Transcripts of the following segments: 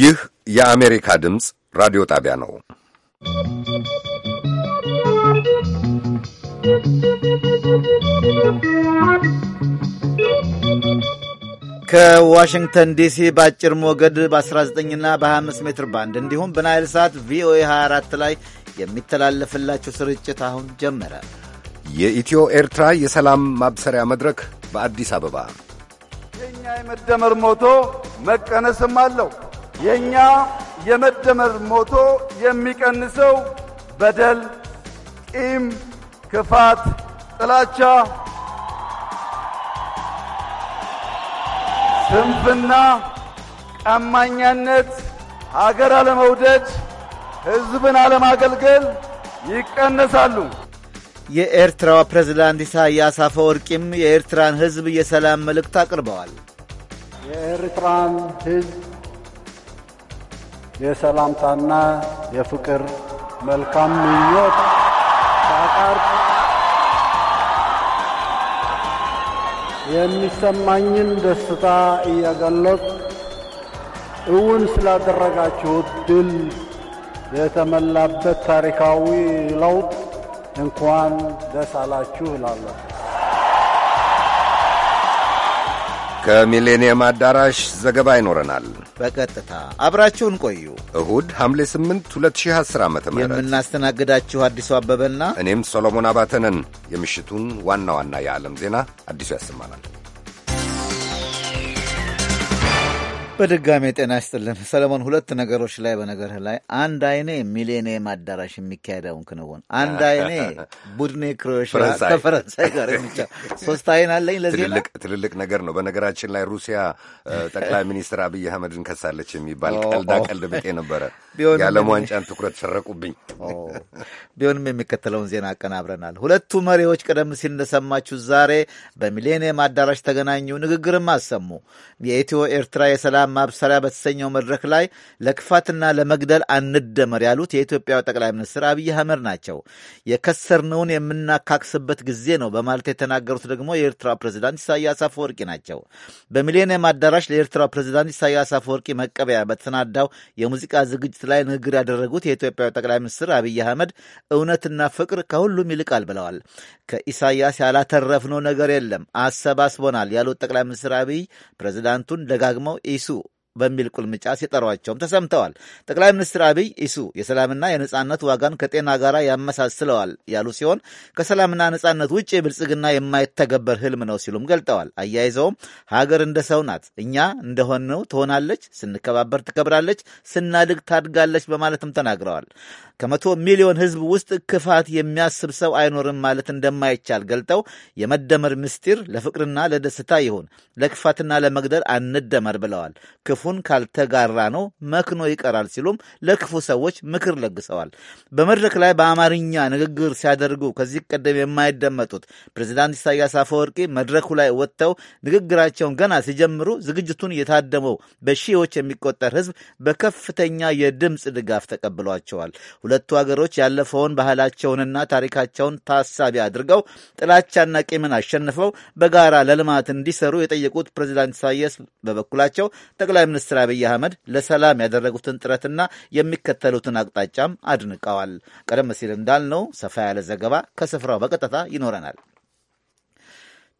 ይህ የአሜሪካ ድምፅ ራዲዮ ጣቢያ ነው። ከዋሽንግተን ዲሲ በአጭር ሞገድ በ19 እና በ25 ሜትር ባንድ እንዲሁም በናይል ሳት ቪኦኤ 24 ላይ የሚተላለፍላችሁ ስርጭት አሁን ጀመረ። የኢትዮ ኤርትራ የሰላም ማብሰሪያ መድረክ በአዲስ አበባ የእኛ የመደመር ሞቶ መቀነስም አለው የእኛ የመደመር ሞቶ የሚቀንሰው በደል፣ ቂም፣ ክፋት፣ ጥላቻ፣ ስንፍና፣ ቀማኛነት፣ ሀገር አለመውደድ፣ ሕዝብን አለማገልገል ይቀነሳሉ። የኤርትራው ፕሬዝዳንት ኢሳያስ አፈወርቂም የኤርትራን ሕዝብ የሰላም መልእክት አቅርበዋል። የኤርትራን ሕዝብ የሰላምታና የፍቅር መልካም ምኞት ሳቀርብ የሚሰማኝን ደስታ እየገለጽ እውን ስላደረጋችሁት ድል የተመላበት ታሪካዊ ለውጥ እንኳን ደስ አላችሁ እላለሁ። ከሚሌኒየም አዳራሽ ዘገባ ይኖረናል። በቀጥታ አብራችሁን ቆዩ። እሁድ ሐምሌ 8 2010 ዓ ም የምናስተናግዳችሁ አዲሱ አበበና እኔም ሶሎሞን አባተነን። የምሽቱን ዋና ዋና የዓለም ዜና አዲሱ ያሰማናል። በድጋሚ ጤና ይስጥልን ሰለሞን። ሁለት ነገሮች ላይ በነገርህ ላይ አንድ አይኔ ሚሌኒየም አዳራሽ የሚካሄደውን ክንውን፣ አንድ አይኔ ቡድኔ ክሮኤሽያ ከፈረንሳይ ጋር የሚቻ ሶስት አይን አለኝ። ለዜና ትልልቅ ነገር ነው። በነገራችን ላይ ሩሲያ ጠቅላይ ሚኒስትር አብይ አህመድን ከሳለች የሚባል ቀልዳ ቀልድ ብጤ ነበረ። የዓለም ዋንጫን ትኩረት ሰረቁብኝ። ቢሆንም የሚከተለውን ዜና አቀናብረናል። ሁለቱ መሪዎች ቀደም ሲል እንደሰማችሁ ዛሬ በሚሌኒየም አዳራሽ ተገናኙ፣ ንግግርም አሰሙ። የኢትዮ ኤርትራ የሰላም ማብሰሪያ በተሰኘው መድረክ ላይ ለክፋትና ለመግደል አንደመር ያሉት የኢትዮጵያው ጠቅላይ ሚኒስትር አብይ አህመድ ናቸው። የከሰርነውን የምናካክስበት ጊዜ ነው በማለት የተናገሩት ደግሞ የኤርትራ ፕሬዚዳንት ኢሳያስ አፈወርቂ ናቸው። በሚሌኒየም አዳራሽ ለኤርትራ ፕሬዚዳንት ኢሳያስ አፈወርቂ መቀበያ በተሰናዳው የሙዚቃ ዝግጅት ላይ ንግግር ያደረጉት የኢትዮጵያው ጠቅላይ ሚኒስትር አብይ አህመድ እውነትና ፍቅር ከሁሉም ይልቃል ብለዋል። ከኢሳያስ ያላተረፍነው ነገር የለም አሰባስቦናል ያሉት ጠቅላይ ሚኒስትር አብይ ፕሬዚዳንቱን ደጋግመው ኢሱ በሚል ቁልምጫ ሲጠሯቸውም ተሰምተዋል። ጠቅላይ ሚኒስትር አብይ ኢሱ የሰላምና የነጻነት ዋጋን ከጤና ጋር ያመሳስለዋል ያሉ ሲሆን ከሰላምና ነጻነት ውጭ ብልጽግና የማይተገበር ህልም ነው ሲሉም ገልጠዋል። አያይዘውም ሀገር እንደ ሰው ናት፣ እኛ እንደሆነው ትሆናለች፣ ስንከባበር ትከብራለች፣ ስናድግ ታድጋለች በማለትም ተናግረዋል። ከመቶ ሚሊዮን ህዝብ ውስጥ ክፋት የሚያስብ ሰው አይኖርም ማለት እንደማይቻል ገልጠው የመደመር ምስጢር ለፍቅርና ለደስታ ይሁን፣ ለክፋትና ለመግደል አንደመር ብለዋል። ሰልፉን ካልተጋራ ነው መክኖ ይቀራል ሲሉም ለክፉ ሰዎች ምክር ለግሰዋል። በመድረክ ላይ በአማርኛ ንግግር ሲያደርጉ ከዚህ ቀደም የማይደመጡት ፕሬዚዳንት ኢሳያስ አፈወርቂ መድረኩ ላይ ወጥተው ንግግራቸውን ገና ሲጀምሩ ዝግጅቱን የታደመው በሺዎች የሚቆጠር ሕዝብ በከፍተኛ የድምፅ ድጋፍ ተቀብሏቸዋል። ሁለቱ አገሮች ያለፈውን ባህላቸውንና ታሪካቸውን ታሳቢ አድርገው ጥላቻና ቂምን አሸንፈው በጋራ ለልማት እንዲሰሩ የጠየቁት ፕሬዚዳንት ኢሳያስ በበኩላቸው ጠቅላይ ሚኒስትር አብይ አህመድ ለሰላም ያደረጉትን ጥረትና የሚከተሉትን አቅጣጫም አድንቀዋል። ቀደም ሲል እንዳልነው ሰፋ ያለ ዘገባ ከስፍራው በቀጥታ ይኖረናል።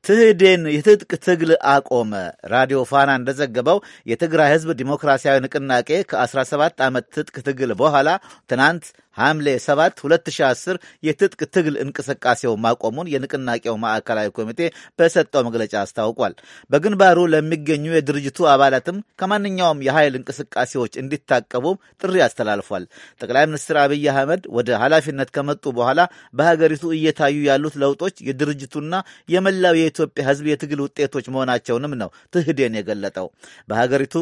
ትህዴን የትጥቅ ትግል አቆመ። ራዲዮ ፋና እንደዘገበው የትግራይ ህዝብ ዲሞክራሲያዊ ንቅናቄ ከ17 ዓመት ትጥቅ ትግል በኋላ ትናንት ሐምሌ 7 2010 የትጥቅ ትግል እንቅስቃሴው ማቆሙን የንቅናቄው ማዕከላዊ ኮሚቴ በሰጠው መግለጫ አስታውቋል። በግንባሩ ለሚገኙ የድርጅቱ አባላትም ከማንኛውም የኃይል እንቅስቃሴዎች እንዲታቀቡ ጥሪ አስተላልፏል። ጠቅላይ ሚኒስትር አብይ አህመድ ወደ ኃላፊነት ከመጡ በኋላ በሀገሪቱ እየታዩ ያሉት ለውጦች የድርጅቱና የመላው የኢትዮጵያ ሕዝብ የትግል ውጤቶች መሆናቸውንም ነው ትህዴን የገለጠው። በሀገሪቱ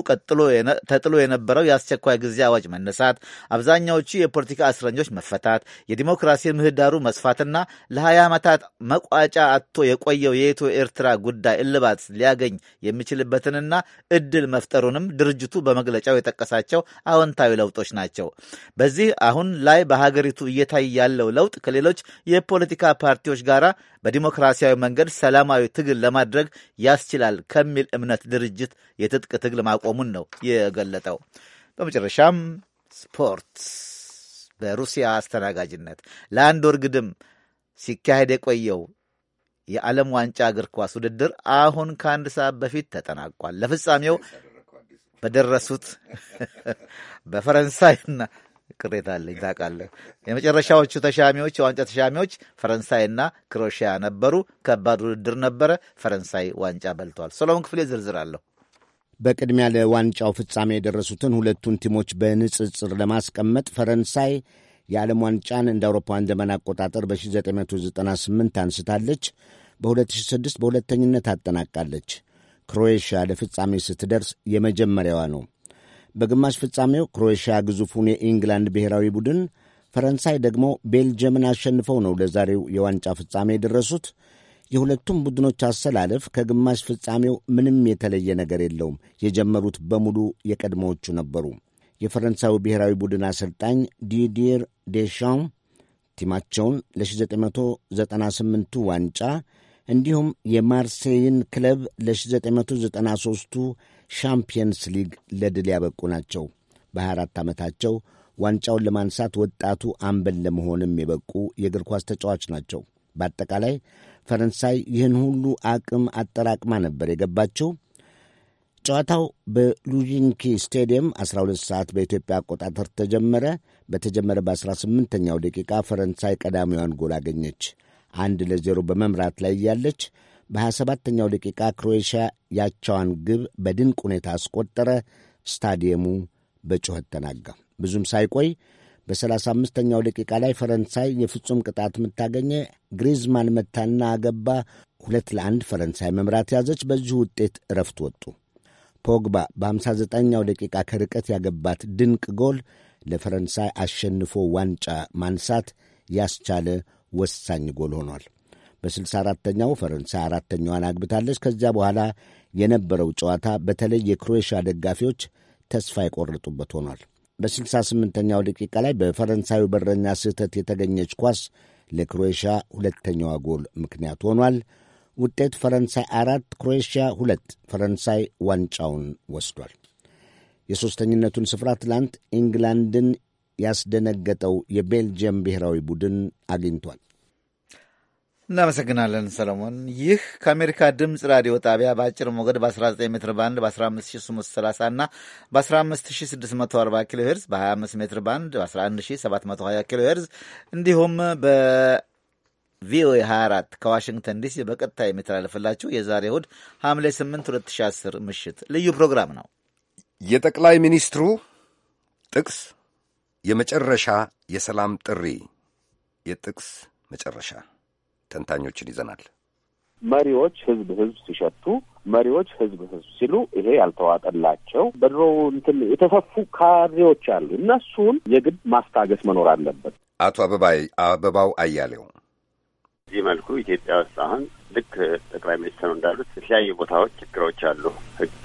ተጥሎ የነበረው የአስቸኳይ ጊዜ አዋጅ መነሳት፣ አብዛኛዎቹ የፖለቲካ እስረኞች መፈታት፣ የዲሞክራሲ ምህዳሩ መስፋትና ለሀያ ዓመታት መቋጫ አጥቶ የቆየው የኢትዮ ኤርትራ ጉዳይ እልባት ሊያገኝ የሚችልበትንና እድል መፍጠሩንም ድርጅቱ በመግለጫው የጠቀሳቸው አዎንታዊ ለውጦች ናቸው። በዚህ አሁን ላይ በሀገሪቱ እየታይ ያለው ለውጥ ከሌሎች የፖለቲካ ፓርቲዎች ጋር በዲሞክራሲያዊ መንገድ ሰላማዊ ትግል ለማድረግ ያስችላል ከሚል እምነት ድርጅት የትጥቅ ትግል ማቆሙን ነው የገለጠው። በመጨረሻም ስፖርት በሩሲያ አስተናጋጅነት ለአንድ ወር ግድም ሲካሄድ የቆየው የዓለም ዋንጫ እግር ኳስ ውድድር አሁን ከአንድ ሰዓት በፊት ተጠናቋል። ለፍጻሜው በደረሱት በፈረንሳይና ቅሬታ አለኝ ታውቃለህ። የመጨረሻዎቹ ተሻሚዎች የዋንጫ ተሻሚዎች ፈረንሳይና ክሮሽያ ነበሩ። ከባድ ውድድር ነበረ። ፈረንሳይ ዋንጫ በልተዋል። ሰሎሞን ክፍሌ ዝርዝር አለሁ። በቅድሚያ ለዋንጫው ፍጻሜ የደረሱትን ሁለቱን ቲሞች በንጽጽር ለማስቀመጥ ፈረንሳይ የዓለም ዋንጫን እንደ አውሮፓውያን ዘመን አቆጣጠር በ1998 አንስታለች። በ2006 በሁለተኝነት አጠናቃለች። ክሮኤሽያ ለፍጻሜ ስትደርስ የመጀመሪያዋ ነው። በግማሽ ፍጻሜው ክሮኤሽያ ግዙፉን የኢንግላንድ ብሔራዊ ቡድን፣ ፈረንሳይ ደግሞ ቤልጅየምን አሸንፈው ነው ለዛሬው የዋንጫ ፍጻሜ የደረሱት። የሁለቱም ቡድኖች አሰላለፍ ከግማሽ ፍጻሜው ምንም የተለየ ነገር የለውም። የጀመሩት በሙሉ የቀድሞዎቹ ነበሩ። የፈረንሳዩ ብሔራዊ ቡድን አሰልጣኝ ዲዲር ዴሻም ቲማቸውን ለ1998ቱ ዋንጫ እንዲሁም የማርሴይን ክለብ ለ1993ቱ ሻምፒየንስ ሊግ ለድል ያበቁ ናቸው። በ24 ዓመታቸው ዋንጫውን ለማንሳት ወጣቱ አምበል ለመሆንም የበቁ የእግር ኳስ ተጫዋች ናቸው። በአጠቃላይ ፈረንሳይ ይህን ሁሉ አቅም አጠራቅማ ነበር የገባቸው። ጨዋታው በሉዥንኪ ስቴዲየም 12 ሰዓት በኢትዮጵያ አቆጣጠር ተጀመረ። በተጀመረ በ18ኛው ደቂቃ ፈረንሳይ ቀዳሚዋን ጎል አገኘች። አንድ ለዜሮ በመምራት ላይ እያለች በ27ኛው ደቂቃ ክሮኤሽያ ያቻዋን ግብ በድንቅ ሁኔታ አስቆጠረ። ስታዲየሙ በጩኸት ተናጋ። ብዙም ሳይቆይ በ35ኛው ደቂቃ ላይ ፈረንሳይ የፍጹም ቅጣት የምታገኘ ግሪዝማን መታና አገባ። ሁለት ለአንድ ፈረንሳይ መምራት ያዘች። በዚሁ ውጤት እረፍት ወጡ። ፖግባ በ59ኛው ደቂቃ ከርቀት ያገባት ድንቅ ጎል ለፈረንሳይ አሸንፎ ዋንጫ ማንሳት ያስቻለ ወሳኝ ጎል ሆኗል። በ64ተኛው ፈረንሳይ አራተኛዋን አግብታለች። ከዚያ በኋላ የነበረው ጨዋታ በተለይ የክሮኤሽያ ደጋፊዎች ተስፋ የቆረጡበት ሆኗል። በ68ኛው ደቂቃ ላይ በፈረንሳዩ በረኛ ስህተት የተገኘች ኳስ ለክሮኤሽያ ሁለተኛዋ ጎል ምክንያት ሆኗል። ውጤት ፈረንሳይ አራት ክሮኤሽያ ሁለት። ፈረንሳይ ዋንጫውን ወስዷል። የሦስተኝነቱን ስፍራ ትላንት ኢንግላንድን ያስደነገጠው የቤልጅየም ብሔራዊ ቡድን አግኝቷል። እናመሰግናለን ሰለሞን። ይህ ከአሜሪካ ድምፅ ራዲዮ ጣቢያ በአጭር ሞገድ በ19 ሜትር ባንድ በ 15630 እና በ15640 ኪሎ ሄርዝ በ25 ሜትር ባንድ በ11720 ኪሎ ሄርዝ እንዲሁም በቪኦኤ 24 ከዋሽንግተን ዲሲ በቀጥታ የሚተላለፍላችሁ የዛሬ እሁድ ሐምሌ 8 2010 ምሽት ልዩ ፕሮግራም ነው። የጠቅላይ ሚኒስትሩ ጥቅስ የመጨረሻ የሰላም ጥሪ የጥቅስ መጨረሻ ተንታኞችን ይዘናል። መሪዎች ህዝብ ህዝብ ሲሸቱ መሪዎች ህዝብ ህዝብ ሲሉ ይሄ ያልተዋጠላቸው በድሮ እንትን የተፈፉ ካድሬዎች አሉ። እነሱን የግድ ማስታገስ መኖር አለበት። አቶ አበባይ አበባው አያሌው በዚህ መልኩ ኢትዮጵያ ውስጥ አሁን ልክ ጠቅላይ ሚኒስትሩ እንዳሉት የተለያዩ ቦታዎች ችግሮች አሉ። ህግ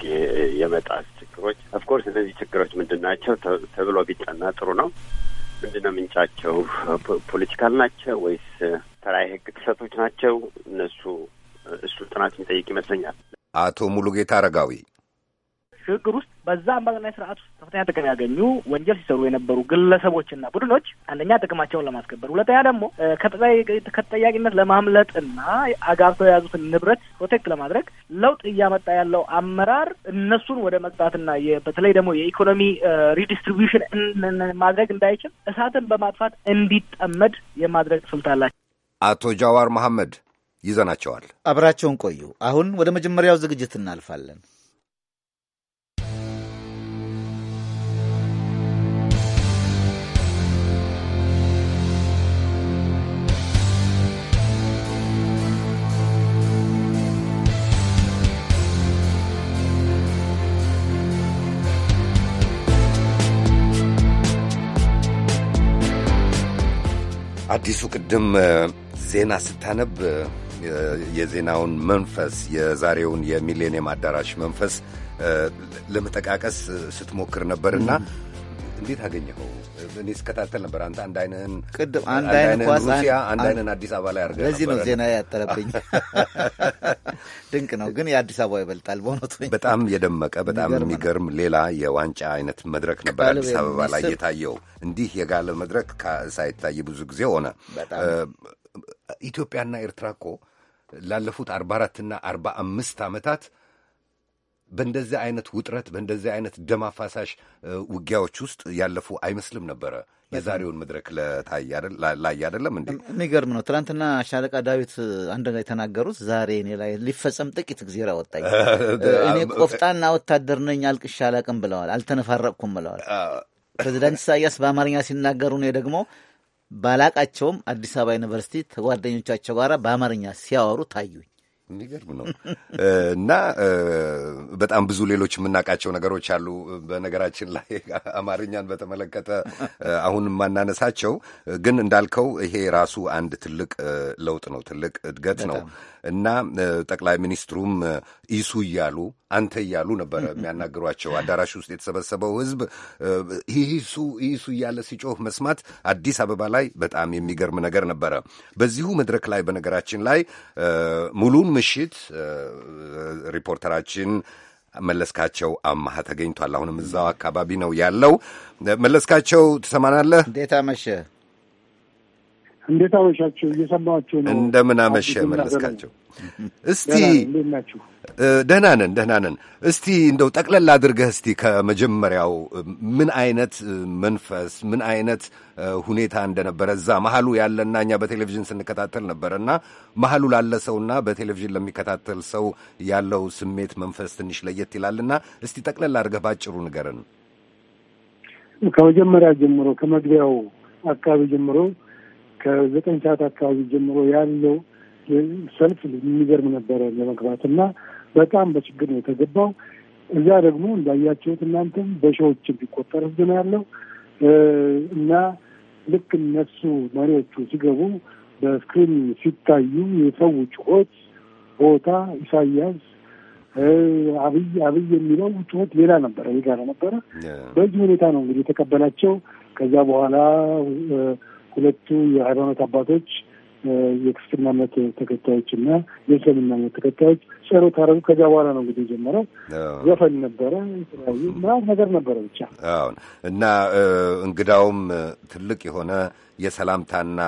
የመጣስ ችግሮች ኦፍኮርስ፣ እነዚህ ችግሮች ምንድን ናቸው ተብሎ ቢጠና ጥሩ ነው። ምንድን ምንጫቸው? ፖለቲካል ናቸው ወይስ ተራ የህግ ጥሰቶች ናቸው እነሱ። እሱ ጥናት የሚጠይቅ ይመስለኛል። አቶ ሙሉጌታ አረጋዊ ሽግግር ውስጥ በዛ አምባገነን ስርዓት ውስጥ ከፍተኛ ጥቅም ያገኙ ወንጀል ሲሰሩ የነበሩ ግለሰቦችና ቡድኖች አንደኛ ጥቅማቸውን ለማስከበር፣ ሁለተኛ ደግሞ ከተጠያቂነት ለማምለጥና አጋብተው የያዙትን ንብረት ፕሮቴክት ለማድረግ ለውጥ እያመጣ ያለው አመራር እነሱን ወደ መቅጣትና በተለይ ደግሞ የኢኮኖሚ ሪዲስትሪቢሽን ማድረግ እንዳይችል እሳትን በማጥፋት እንዲጠመድ የማድረግ ስልት አላቸው። አቶ ጃዋር መሐመድ ይዘናቸዋል። አብራቸውን ቆዩ። አሁን ወደ መጀመሪያው ዝግጅት እናልፋለን። አዲሱ ቅድም ዜና ስታነብ የዜናውን መንፈስ የዛሬውን የሚሌኒየም አዳራሽ መንፈስ ለመጠቃቀስ ስትሞክር ነበርና እንዴት አገኘኸው? እኔ ስከታተል ነበር። አንተ አንድ አይንህን ቅድም አንድ አይንህን ሩሲያ አንድ አይንህን አዲስ አበባ ላይ አድርገህ ለዚህ ነው ዜና ያጠረብኝ። ድንቅ ነው ግን የአዲስ አበባ ይበልጣል በእውነቱ። በጣም የደመቀ በጣም የሚገርም ሌላ የዋንጫ አይነት መድረክ ነበር አዲስ አበባ ላይ የታየው። እንዲህ የጋለ መድረክ ሳይታይ ብዙ ጊዜ ሆነ። ኢትዮጵያና ኤርትራ እኮ ላለፉት አርባ አራትና አርባ አምስት ዓመታት በእንደዚህ አይነት ውጥረት በእንደዚህ አይነት ደም አፋሳሽ ውጊያዎች ውስጥ ያለፉ አይመስልም ነበረ። የዛሬውን መድረክ ላይ አይደለም እንዴ? የሚገርም ነው። ትናንትና ሻለቃ ዳዊት አንድ ላይ የተናገሩት ዛሬ እኔ ላይ ሊፈጸም ጥቂት ጊዜ ወጣኝ። እኔ ቆፍጣና ወታደር ነኝ፣ አልቅሼ አላቅም ብለዋል። አልተነፋረቅኩም ብለዋል። ፕሬዚዳንት ኢሳያስ በአማርኛ ሲናገሩ እኔ ደግሞ ባላቃቸውም አዲስ አበባ ዩኒቨርሲቲ ከጓደኞቻቸው ጋር በአማርኛ ሲያወሩ ታዩኝ። የሚገርም ነው እና በጣም ብዙ ሌሎች የምናውቃቸው ነገሮች አሉ። በነገራችን ላይ አማርኛን በተመለከተ አሁን የማናነሳቸው ግን እንዳልከው ይሄ ራሱ አንድ ትልቅ ለውጥ ነው፣ ትልቅ እድገት ነው። እና ጠቅላይ ሚኒስትሩም ኢሱ እያሉ አንተ እያሉ ነበረ የሚያናግሯቸው። አዳራሽ ውስጥ የተሰበሰበው ህዝብ ኢሱ ኢሱ እያለ ሲጮህ መስማት አዲስ አበባ ላይ በጣም የሚገርም ነገር ነበረ። በዚሁ መድረክ ላይ በነገራችን ላይ ሙሉን ምሽት ሪፖርተራችን መለስካቸው አማሃ ተገኝቷል። አሁንም እዛው አካባቢ ነው ያለው። መለስካቸው ትሰማናለህ? እንዴት አመሸህ? እንዴት አመሻቸው? እየሰማቸው ነው። እንደምን አመሸ መለስካቸው። እስቲ ደህና ነን፣ ደህና ነን። እስቲ እንደው ጠቅለል አድርገህ እስቲ ከመጀመሪያው ምን አይነት መንፈስ ምን አይነት ሁኔታ እንደነበረ እዛ መሀሉ ያለና እኛ በቴሌቪዥን ስንከታተል ነበረ እና መሀሉ ላለ ሰውና በቴሌቪዥን ለሚከታተል ሰው ያለው ስሜት መንፈስ ትንሽ ለየት ይላልና እስቲ ጠቅለል አድርገህ ባጭሩ ንገረን። ከመጀመሪያ ጀምሮ ከመግቢያው አካባቢ ጀምሮ ከዘጠኝ ሰዓት አካባቢ ጀምሮ ያለው ሰልፍ የሚገርም ነበረ ለመግባት እና በጣም በችግር ነው የተገባው። እዛ ደግሞ እንዳያቸውት እናንተም በሺዎች የሚቆጠር ህዝብ ነው ያለው እና ልክ እነሱ መሪዎቹ ሲገቡ በስክሪን ሲታዩ የሰው ጩኸት ቦታ ኢሳያስ አብይ አብይ የሚለው ጩኸት ሌላ ነበረ፣ የጋራ ነበረ። በዚህ ሁኔታ ነው እንግዲህ የተቀበላቸው። ከዛ በኋላ ሁለቱ የሃይማኖት አባቶች የክርስትና እምነት ተከታዮች እና የእስልምና እምነት ተከታዮች ጸሎት አደረጉ። ከዚያ በኋላ ነው እንግዲህ የጀመረው። ዘፈን ነበረ፣ የተለያዩ ምናምን ነገር ነበረ ብቻ እና እንግዳውም ትልቅ የሆነ የሰላምታና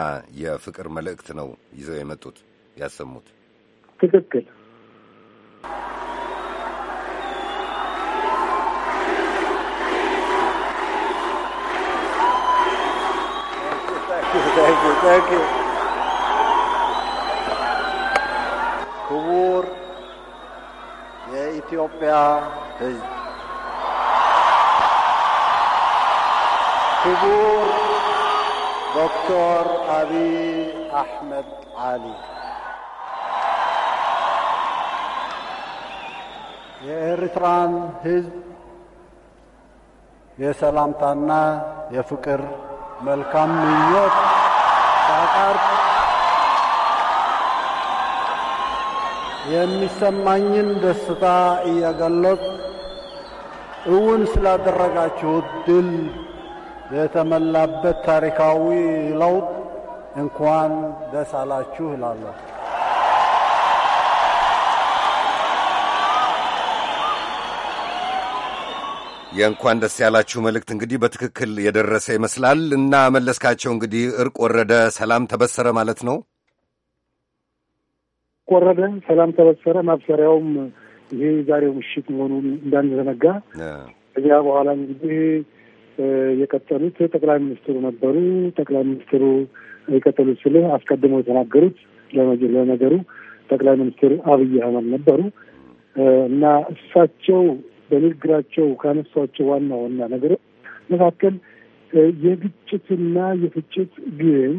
የፍቅር መልእክት ነው ይዘው የመጡት ያሰሙት። ትክክል Thank you, thank you. كبور يا إثيوبيا هز كبور دكتور أبي أحمد علي የኤርትራን ህዝብ يا የፍቅር መልካም ምኞት አቃርብ የሚሰማኝን ደስታ እየገለጽ እውን ስላደረጋችሁት ድል የተመላበት ታሪካዊ ለውጥ እንኳን ደስ አላችሁ እላለሁ። የእንኳን ደስ ያላችሁ መልእክት እንግዲህ በትክክል የደረሰ ይመስላል እና መለስካቸው፣ እንግዲህ እርቅ ወረደ፣ ሰላም ተበሰረ ማለት ነው። ወረደ፣ ሰላም ተበሰረ። ማብሰሪያውም ይሄ ዛሬው ምሽት መሆኑን እንዳንዘነጋ። ከዚያ በኋላ እንግዲህ የቀጠሉት ጠቅላይ ሚኒስትሩ ነበሩ። ጠቅላይ ሚኒስትሩ የቀጠሉት ስልህ አስቀድመው የተናገሩት ለነገሩ ጠቅላይ ሚኒስትር አብይ አህመድ ነበሩ እና እሳቸው በንግግራቸው ካነሷቸው ዋና ዋና ነገሮች መካከል የግጭትና የፍጭት ግን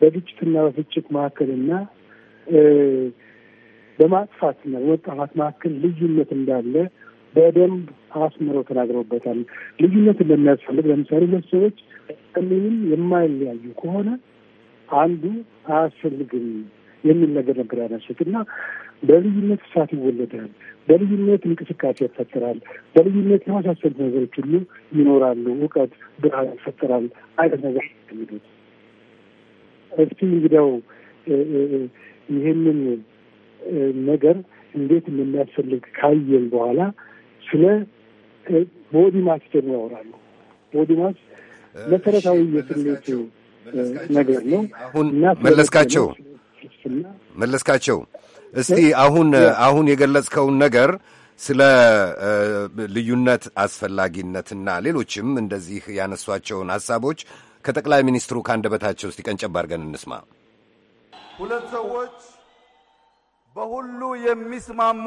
በግጭትና በፍጭት መካከልና በማጥፋትና በመጣፋት መካከል ልዩነት እንዳለ በደንብ አስምረው ተናግረውበታል። ልዩነት እንደሚያስፈልግ ለምሳሌ ሁለት ሰዎች ምንም የማይለያዩ ከሆነ አንዱ አያስፈልግም የሚል ነገር ነበር ያነሱት እና በልዩነት እሳት ይወለዳል፣ በልዩነት እንቅስቃሴ ይፈጠራል፣ በልዩነት የመሳሰሉት ነገሮች ሁሉ ይኖራሉ። እውቀት ብርሃን ይፈጠራል አይነት ነገር የሚሉት እስቲ እንግዲያው ይህንን ነገር እንዴት እንደሚያስፈልግ ካየን በኋላ ስለ ቦዲማስ ማስ ደግሞ ያወራሉ። ቦዲማስ መሰረታዊ የስሜት ነገር ነው። አሁን መለስካቸው መለስካቸው እስቲ አሁን አሁን የገለጽከውን ነገር ስለ ልዩነት አስፈላጊነትና ሌሎችም እንደዚህ ያነሷቸውን ሀሳቦች ከጠቅላይ ሚኒስትሩ ከአንደበታቸው እስቲ ቀንጨብ አድርገን እንስማ። ሁለት ሰዎች በሁሉ የሚስማሙ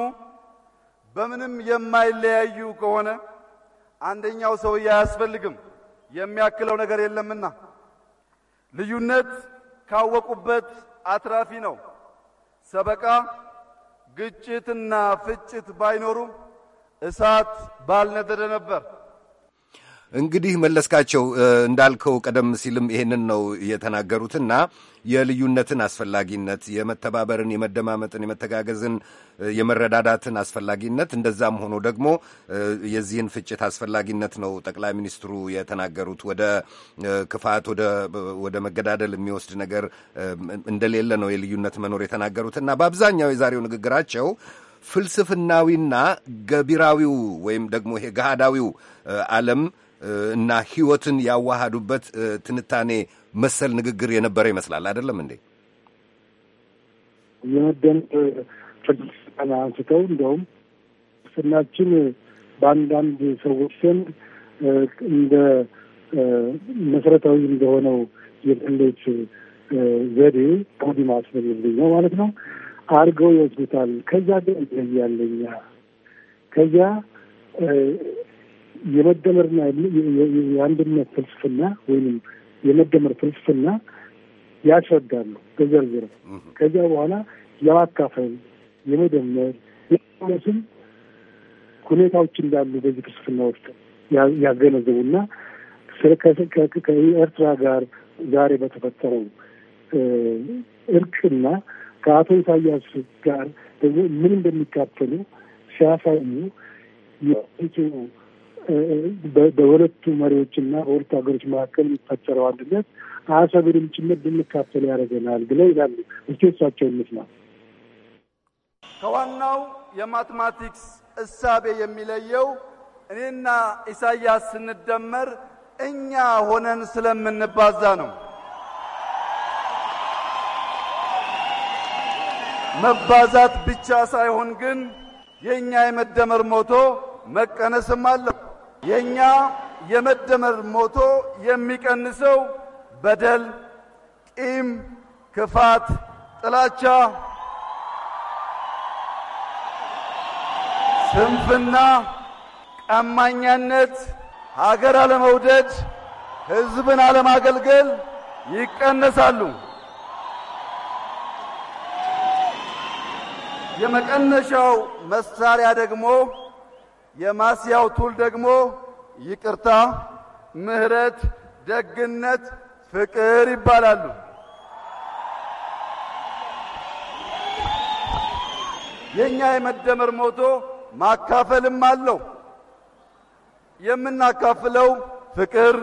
በምንም የማይለያዩ ከሆነ አንደኛው ሰውዬ አያስፈልግም የሚያክለው ነገር የለምና ልዩነት ካወቁበት አትራፊ ነው። ሰበቃ፣ ግጭትና ፍጭት ባይኖሩም እሳት ባልነደደ ነበር። እንግዲህ መለስካቸው እንዳልከው ቀደም ሲልም ይሄንን ነው የተናገሩትና የልዩነትን አስፈላጊነት የመተባበርን፣ የመደማመጥን፣ የመተጋገዝን፣ የመረዳዳትን አስፈላጊነት እንደዛም ሆኖ ደግሞ የዚህን ፍጭት አስፈላጊነት ነው ጠቅላይ ሚኒስትሩ የተናገሩት። ወደ ክፋት፣ ወደ መገዳደል የሚወስድ ነገር እንደሌለ ነው የልዩነት መኖር የተናገሩትና በአብዛኛው የዛሬው ንግግራቸው ፍልስፍናዊና ገቢራዊው ወይም ደግሞ ይሄ ገሃዳዊው ዓለም እና ህይወትን ያዋሃዱበት ትንታኔ መሰል ንግግር የነበረ ይመስላል። አይደለም እንዴ? የመደመር ፍልስፍና አንስተው እንደውም ስናችን በአንዳንድ ሰዎች ዘንድ እንደ መሰረታዊ እንደሆነው የመለየት ዘዴ ዲማስ ነው ማለት ነው አድርገው ይወስዱታል። ከዛ ግን ይለያለኛ ከዚያ የመደመርና የአንድነት ፍልስፍና ወይም የመደመር ፍልስፍና ያስረዳሉ ተዘርዝረው። ከዚያ በኋላ የማካፈል የመደመር የመስም ሁኔታዎች እንዳሉ በዚህ ፍልስፍና ውስጥ ያገነዘቡና ከኤርትራ ጋር ዛሬ በተፈጠረው እርቅና ከአቶ ኢሳያስ ጋር ደግሞ ምን እንደሚካፈሉ ሲያሳዩ የኢትዮ በሁለቱ መሪዎችና በሁለቱ ሀገሮች መካከል የሚፈጠረው አንድነት አሰብንም ጭምር እንድንካፈል ያደርገናል ብለው ይላሉ። እስቲ እሳቸውን እንስማ። ከዋናው የማትማቲክስ እሳቤ የሚለየው እኔና ኢሳያስ ስንደመር እኛ ሆነን ስለምንባዛ ነው። መባዛት ብቻ ሳይሆን ግን የእኛ የመደመር ሞቶ መቀነስም አለው። የእኛ የመደመር ሞቶ የሚቀንሰው በደል፣ ቂም፣ ክፋት፣ ጥላቻ፣ ስንፍና፣ ቀማኛነት፣ ሀገር አለመውደድ፣ ሕዝብን አለማገልገል ይቀነሳሉ። የመቀነሻው መሳሪያ ደግሞ የማስያው ቱል ደግሞ ይቅርታ፣ ምህረት፣ ደግነት፣ ፍቅር ይባላሉ። የኛ የመደመር ሞቶ ማካፈልም አለው። የምናካፍለው ፍቅር፣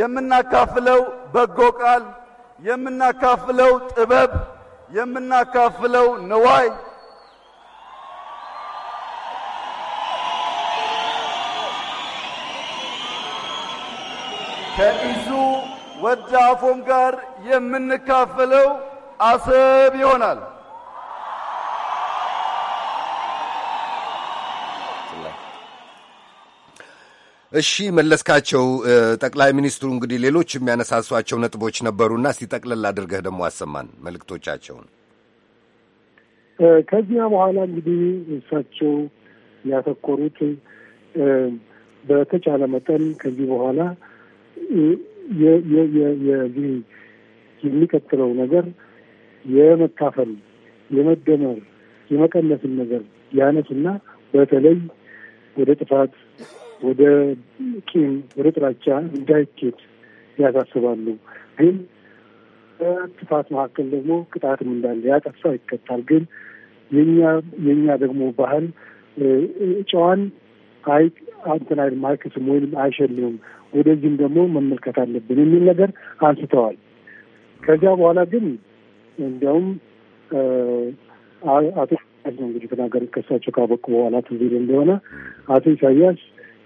የምናካፍለው በጎ ቃል፣ የምናካፍለው ጥበብ፣ የምናካፍለው ንዋይ ከኢዙ ወዳፎም ጋር የምንካፈለው አሰብ ይሆናል። እሺ መለስካቸው፣ ጠቅላይ ሚኒስትሩ እንግዲህ ሌሎች የሚያነሳሷቸው ነጥቦች ነበሩና እስቲ ጠቅለል አድርገህ ደግሞ አሰማን መልእክቶቻቸውን። ከዚያ በኋላ እንግዲህ እሳቸው ያተኮሩት በተቻለ መጠን ከዚህ በኋላ የሚቀጥለው ነገር የመካፈል የመደመር የመቀነስን ነገር ያነሱና በተለይ ወደ ጥፋት ወደ ቂም ወደ ጥላቻ እንዳይኬድ ያሳስባሉ። ግን በጥፋት መካከል ደግሞ ቅጣትም እንዳለ ያጠፋ ይቀጣል። ግን የኛ የእኛ ደግሞ ባህል ጨዋን ሳይት አንተን አይማክስም ወይም አይሸልምም፣ ወደዚህም ደግሞ መመልከት አለብን የሚል ነገር አንስተዋል። ከዚያ በኋላ ግን እንዲያውም አቶ ኢሳያስ ነው እንግዲህ የተናገሩት ከሳቸው ካበቁ በኋላ ትዝ ይል እንደሆነ አቶ ኢሳያስ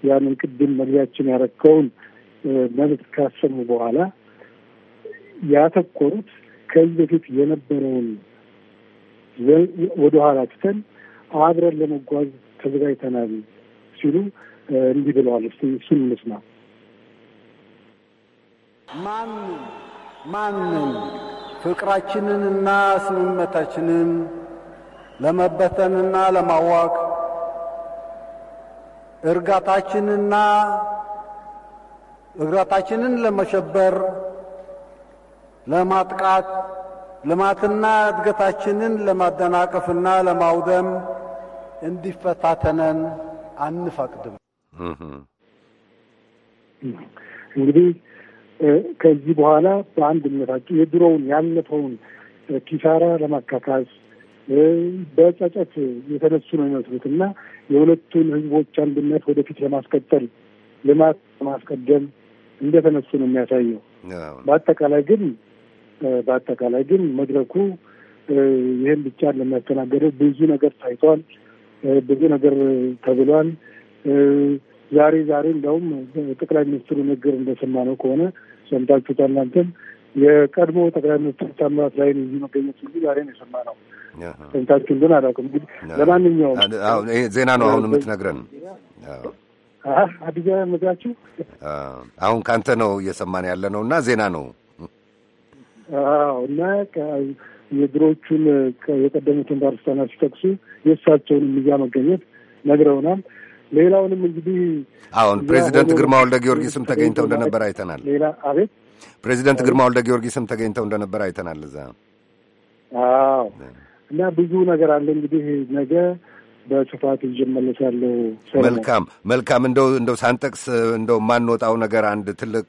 ያንን ቅድም መግቢያችን ያረከውን መልዕክት ካሰሙ በኋላ ያተኮሩት ከዚህ በፊት የነበረውን ወደኋላ ትተን አብረን ለመጓዝ ተዘጋጅተናል ሲሉ እንዲህ ብለዋል። እስቲ እሱን እንስማ። ማን ማንን ፍቅራችንንና ስምመታችንን ለመበተንና ለማዋቅ እርጋታችንና እግራታችንን ለመሸበር ለማጥቃት ልማትና እድገታችንን ለማደናቀፍና ለማውደም እንዲፈታተነን አንፈቅድም። እንግዲህ ከዚህ በኋላ በአንድ የድሮውን ያለፈውን ኪሳራ ለማካካስ በጸጸት የተነሱ ነው የሚመስሉት እና የሁለቱን ህዝቦች አንድነት ወደፊት ለማስቀጠል ልማት ለማስቀደም እንደተነሱ ነው የሚያሳየው። በአጠቃላይ ግን በአጠቃላይ ግን መድረኩ ይህን ብቻ ለሚያስተናገደው ብዙ ነገር ታይቷል። ብዙ ነገር ተብሏል። ዛሬ ዛሬ እንደውም ጠቅላይ ሚኒስትሩ ንግግር ነው ከሆነ ሰምታችሁታል እናንተም የቀድሞ ጠቅላይ ሚኒስትር ታምራት ላይ ነው እዚህ መገኘት እንጂ ዛሬ ነው የሰማነው። ሰምታችሁን ግን አላውቅም። እንግዲህ ለማንኛውም ዜና ነው አሁን የምትነግረን አዲስ አበባ መግባችሁ አሁን ከአንተ ነው እየሰማን ያለ ነው እና ዜና ነው እና የድሮቹን የቀደሙትን ባለስልጣናት ሲጠቅሱ የእሳቸውንም እዛ መገኘት ነግረውናል። ሌላውንም እንግዲህ አሁን ፕሬዚደንት ግርማ ወልደ ጊዮርጊስም ተገኝተው እንደነበር አይተናል። ሌላ አቤት ፕሬዚደንት ግርማ ወልደ ጊዮርጊስም ተገኝተው እንደነበር አይተናል እዛ። አዎ እና ብዙ ነገር አለ እንግዲህ ነገ በስፋት ይዤ እመለሳለሁ። መልካም መልካም። እንደው እንደው ሳንጠቅስ እንደው የማንወጣው ነገር አንድ ትልቅ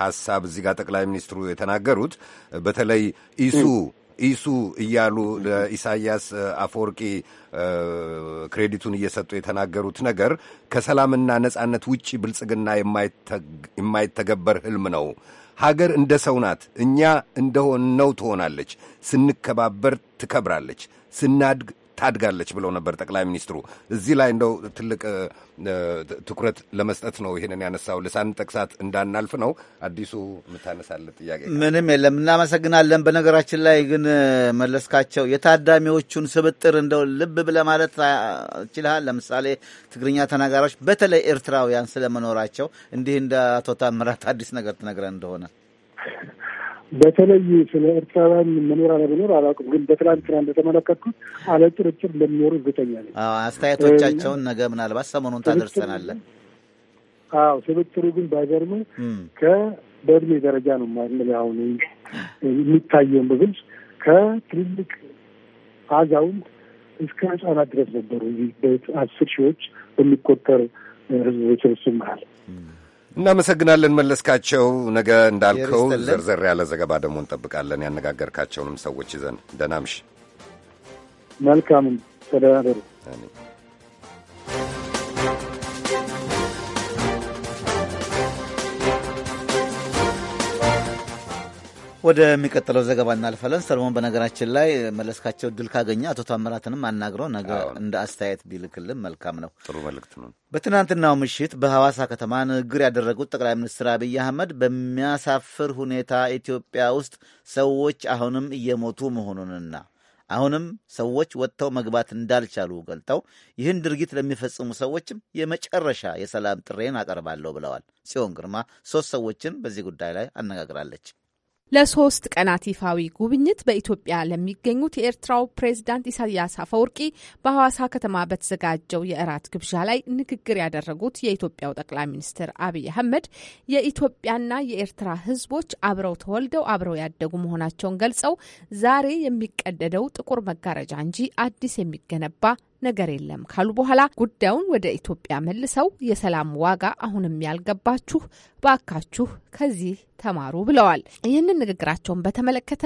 ሀሳብ እዚህ ጋር ጠቅላይ ሚኒስትሩ የተናገሩት በተለይ ኢሱ ኢሱ እያሉ ለኢሳያስ አፈወርቂ ክሬዲቱን እየሰጡ የተናገሩት ነገር ከሰላምና ነጻነት ውጭ ብልጽግና የማይተገበር ህልም ነው። ሀገር እንደ ሰው ናት። እኛ እንደሆን ነው ትሆናለች። ስንከባበር ትከብራለች። ስናድግ ታድጋለች ብለው ነበር ጠቅላይ ሚኒስትሩ። እዚህ ላይ እንደው ትልቅ ትኩረት ለመስጠት ነው ይህንን ያነሳው። ልሳን ጠቅሳት እንዳናልፍ ነው። አዲሱ የምታነሳለ ጥያቄ ምንም የለም። እናመሰግናለን። በነገራችን ላይ ግን መለስካቸው የታዳሚዎቹን ስብጥር እንደው ልብ ብለህ ማለት ችልሃል። ለምሳሌ ትግርኛ ተናጋሪዎች በተለይ ኤርትራውያን ስለመኖራቸው እንዲህ እንደ አቶ ታምራት አዲስ ነገር ትነግረን እንደሆነ በተለይ ስለ ኤርትራውያን መኖር አለመኖር አላውቅም፣ ግን በትላንትና እንደተመለከትኩት አለ ጥርጥር እንደሚኖሩ እርግጠኛ ነኝ። አስተያየቶቻቸውን ነገ ምናልባት ሰሞኑን ታደርሰናለን። አዎ ስብጥሩ ግን ባይገርም ከ ደረጃ ነው ማለት አሁን የሚታየውን በግልጽ ከትልልቅ አዛውንት እስከ ህጻናት ድረስ ነበሩ። በአስር ሺዎች በሚቆጠር ህዝብ ስብስብ መሃል እናመሰግናለን መለስካቸው። ነገ እንዳልከው ዘርዘር ያለ ዘገባ ደግሞ እንጠብቃለን። ያነጋገርካቸውንም ሰዎች ይዘን ደህና ምሽ። መልካም ተደራደሩ። ወደሚቀጥለው ዘገባ እናልፋለን። ሰለሞን፣ በነገራችን ላይ መለስካቸው ድል ካገኘ አቶ ታምራትንም አናግረው ነገ እንደ አስተያየት ቢልክልን መልካም ነው። ጥሩ መልእክት ነው። በትናንትናው ምሽት በሐዋሳ ከተማ ንግግር ያደረጉት ጠቅላይ ሚኒስትር አብይ አህመድ በሚያሳፍር ሁኔታ ኢትዮጵያ ውስጥ ሰዎች አሁንም እየሞቱ መሆኑንና አሁንም ሰዎች ወጥተው መግባት እንዳልቻሉ ገልጠው ይህን ድርጊት ለሚፈጽሙ ሰዎችም የመጨረሻ የሰላም ጥሬን አቀርባለሁ ብለዋል። ጽዮን ግርማ ሶስት ሰዎችን በዚህ ጉዳይ ላይ አነጋግራለች። ለሶስት ቀናት ይፋዊ ጉብኝት በኢትዮጵያ ለሚገኙት የኤርትራው ፕሬዝዳንት ኢሳያስ አፈወርቂ በሐዋሳ ከተማ በተዘጋጀው የእራት ግብዣ ላይ ንግግር ያደረጉት የኢትዮጵያው ጠቅላይ ሚኒስትር አብይ አህመድ የኢትዮጵያና የኤርትራ ሕዝቦች አብረው ተወልደው አብረው ያደጉ መሆናቸውን ገልጸው ዛሬ የሚቀደደው ጥቁር መጋረጃ እንጂ አዲስ የሚገነባ ነገር የለም ካሉ በኋላ ጉዳዩን ወደ ኢትዮጵያ መልሰው የሰላም ዋጋ አሁንም ያልገባችሁ ባካችሁ ከዚህ ተማሩ ብለዋል። ይህንን ንግግራቸውን በተመለከተ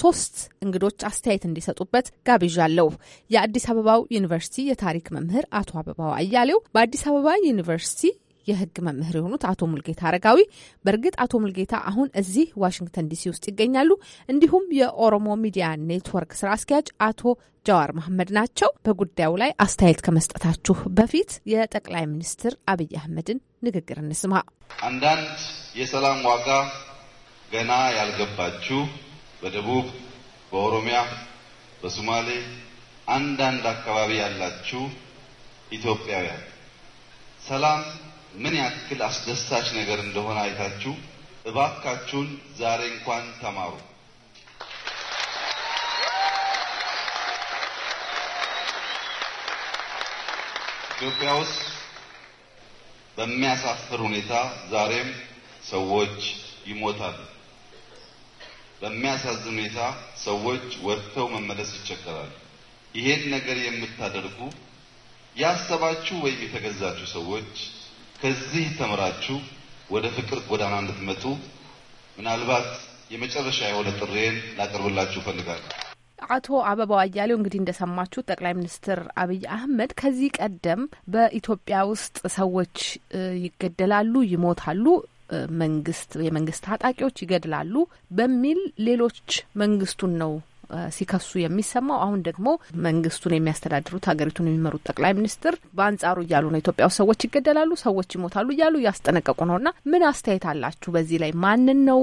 ሶስት እንግዶች አስተያየት እንዲሰጡበት ጋብዣለሁ። የአዲስ አበባው ዩኒቨርሲቲ የታሪክ መምህር አቶ አበባው አያሌው በአዲስ አበባ ዩኒቨርሲቲ የህግ መምህር የሆኑት አቶ ሙልጌታ አረጋዊ። በእርግጥ አቶ ሙልጌታ አሁን እዚህ ዋሽንግተን ዲሲ ውስጥ ይገኛሉ። እንዲሁም የኦሮሞ ሚዲያ ኔትወርክ ስራ አስኪያጅ አቶ ጃዋር መሐመድ ናቸው። በጉዳዩ ላይ አስተያየት ከመስጠታችሁ በፊት የጠቅላይ ሚኒስትር አብይ አህመድን ንግግር እንስማ። አንዳንድ የሰላም ዋጋ ገና ያልገባችሁ በደቡብ፣ በኦሮሚያ፣ በሶማሌ አንዳንድ አካባቢ ያላችሁ ኢትዮጵያውያን ሰላም ምን ያክል አስደሳች ነገር እንደሆነ አይታችሁ እባካችሁን ዛሬ እንኳን ተማሩ። ኢትዮጵያ ውስጥ በሚያሳፍር ሁኔታ ዛሬም ሰዎች ይሞታሉ። በሚያሳዝን ሁኔታ ሰዎች ወጥተው መመለስ ይቸገራሉ። ይሄን ነገር የምታደርጉ ያሰባችሁ ወይም የተገዛችሁ ሰዎች ከዚህ ተምራችሁ ወደ ፍቅር ጎዳና እንድትመጡ ምናልባት የመጨረሻ የሆነ ጥሬን ላቀርብላችሁ እፈልጋለሁ። አቶ አበባው አያሌው እንግዲህ እንደሰማችሁት ጠቅላይ ሚኒስትር አብይ አህመድ ከዚህ ቀደም በኢትዮጵያ ውስጥ ሰዎች ይገደላሉ፣ ይሞታሉ መንግስት የመንግስት ታጣቂዎች ይገድላሉ በሚል ሌሎች መንግስቱን ነው ሲከሱ የሚሰማው። አሁን ደግሞ መንግስቱን የሚያስተዳድሩት ሀገሪቱን የሚመሩት ጠቅላይ ሚኒስትር በአንጻሩ እያሉ ነው ኢትዮጵያ ውስጥ ሰዎች ይገደላሉ፣ ሰዎች ይሞታሉ እያሉ እያስጠነቀቁ ነው። እና ምን አስተያየት አላችሁ በዚህ ላይ? ማንን ነው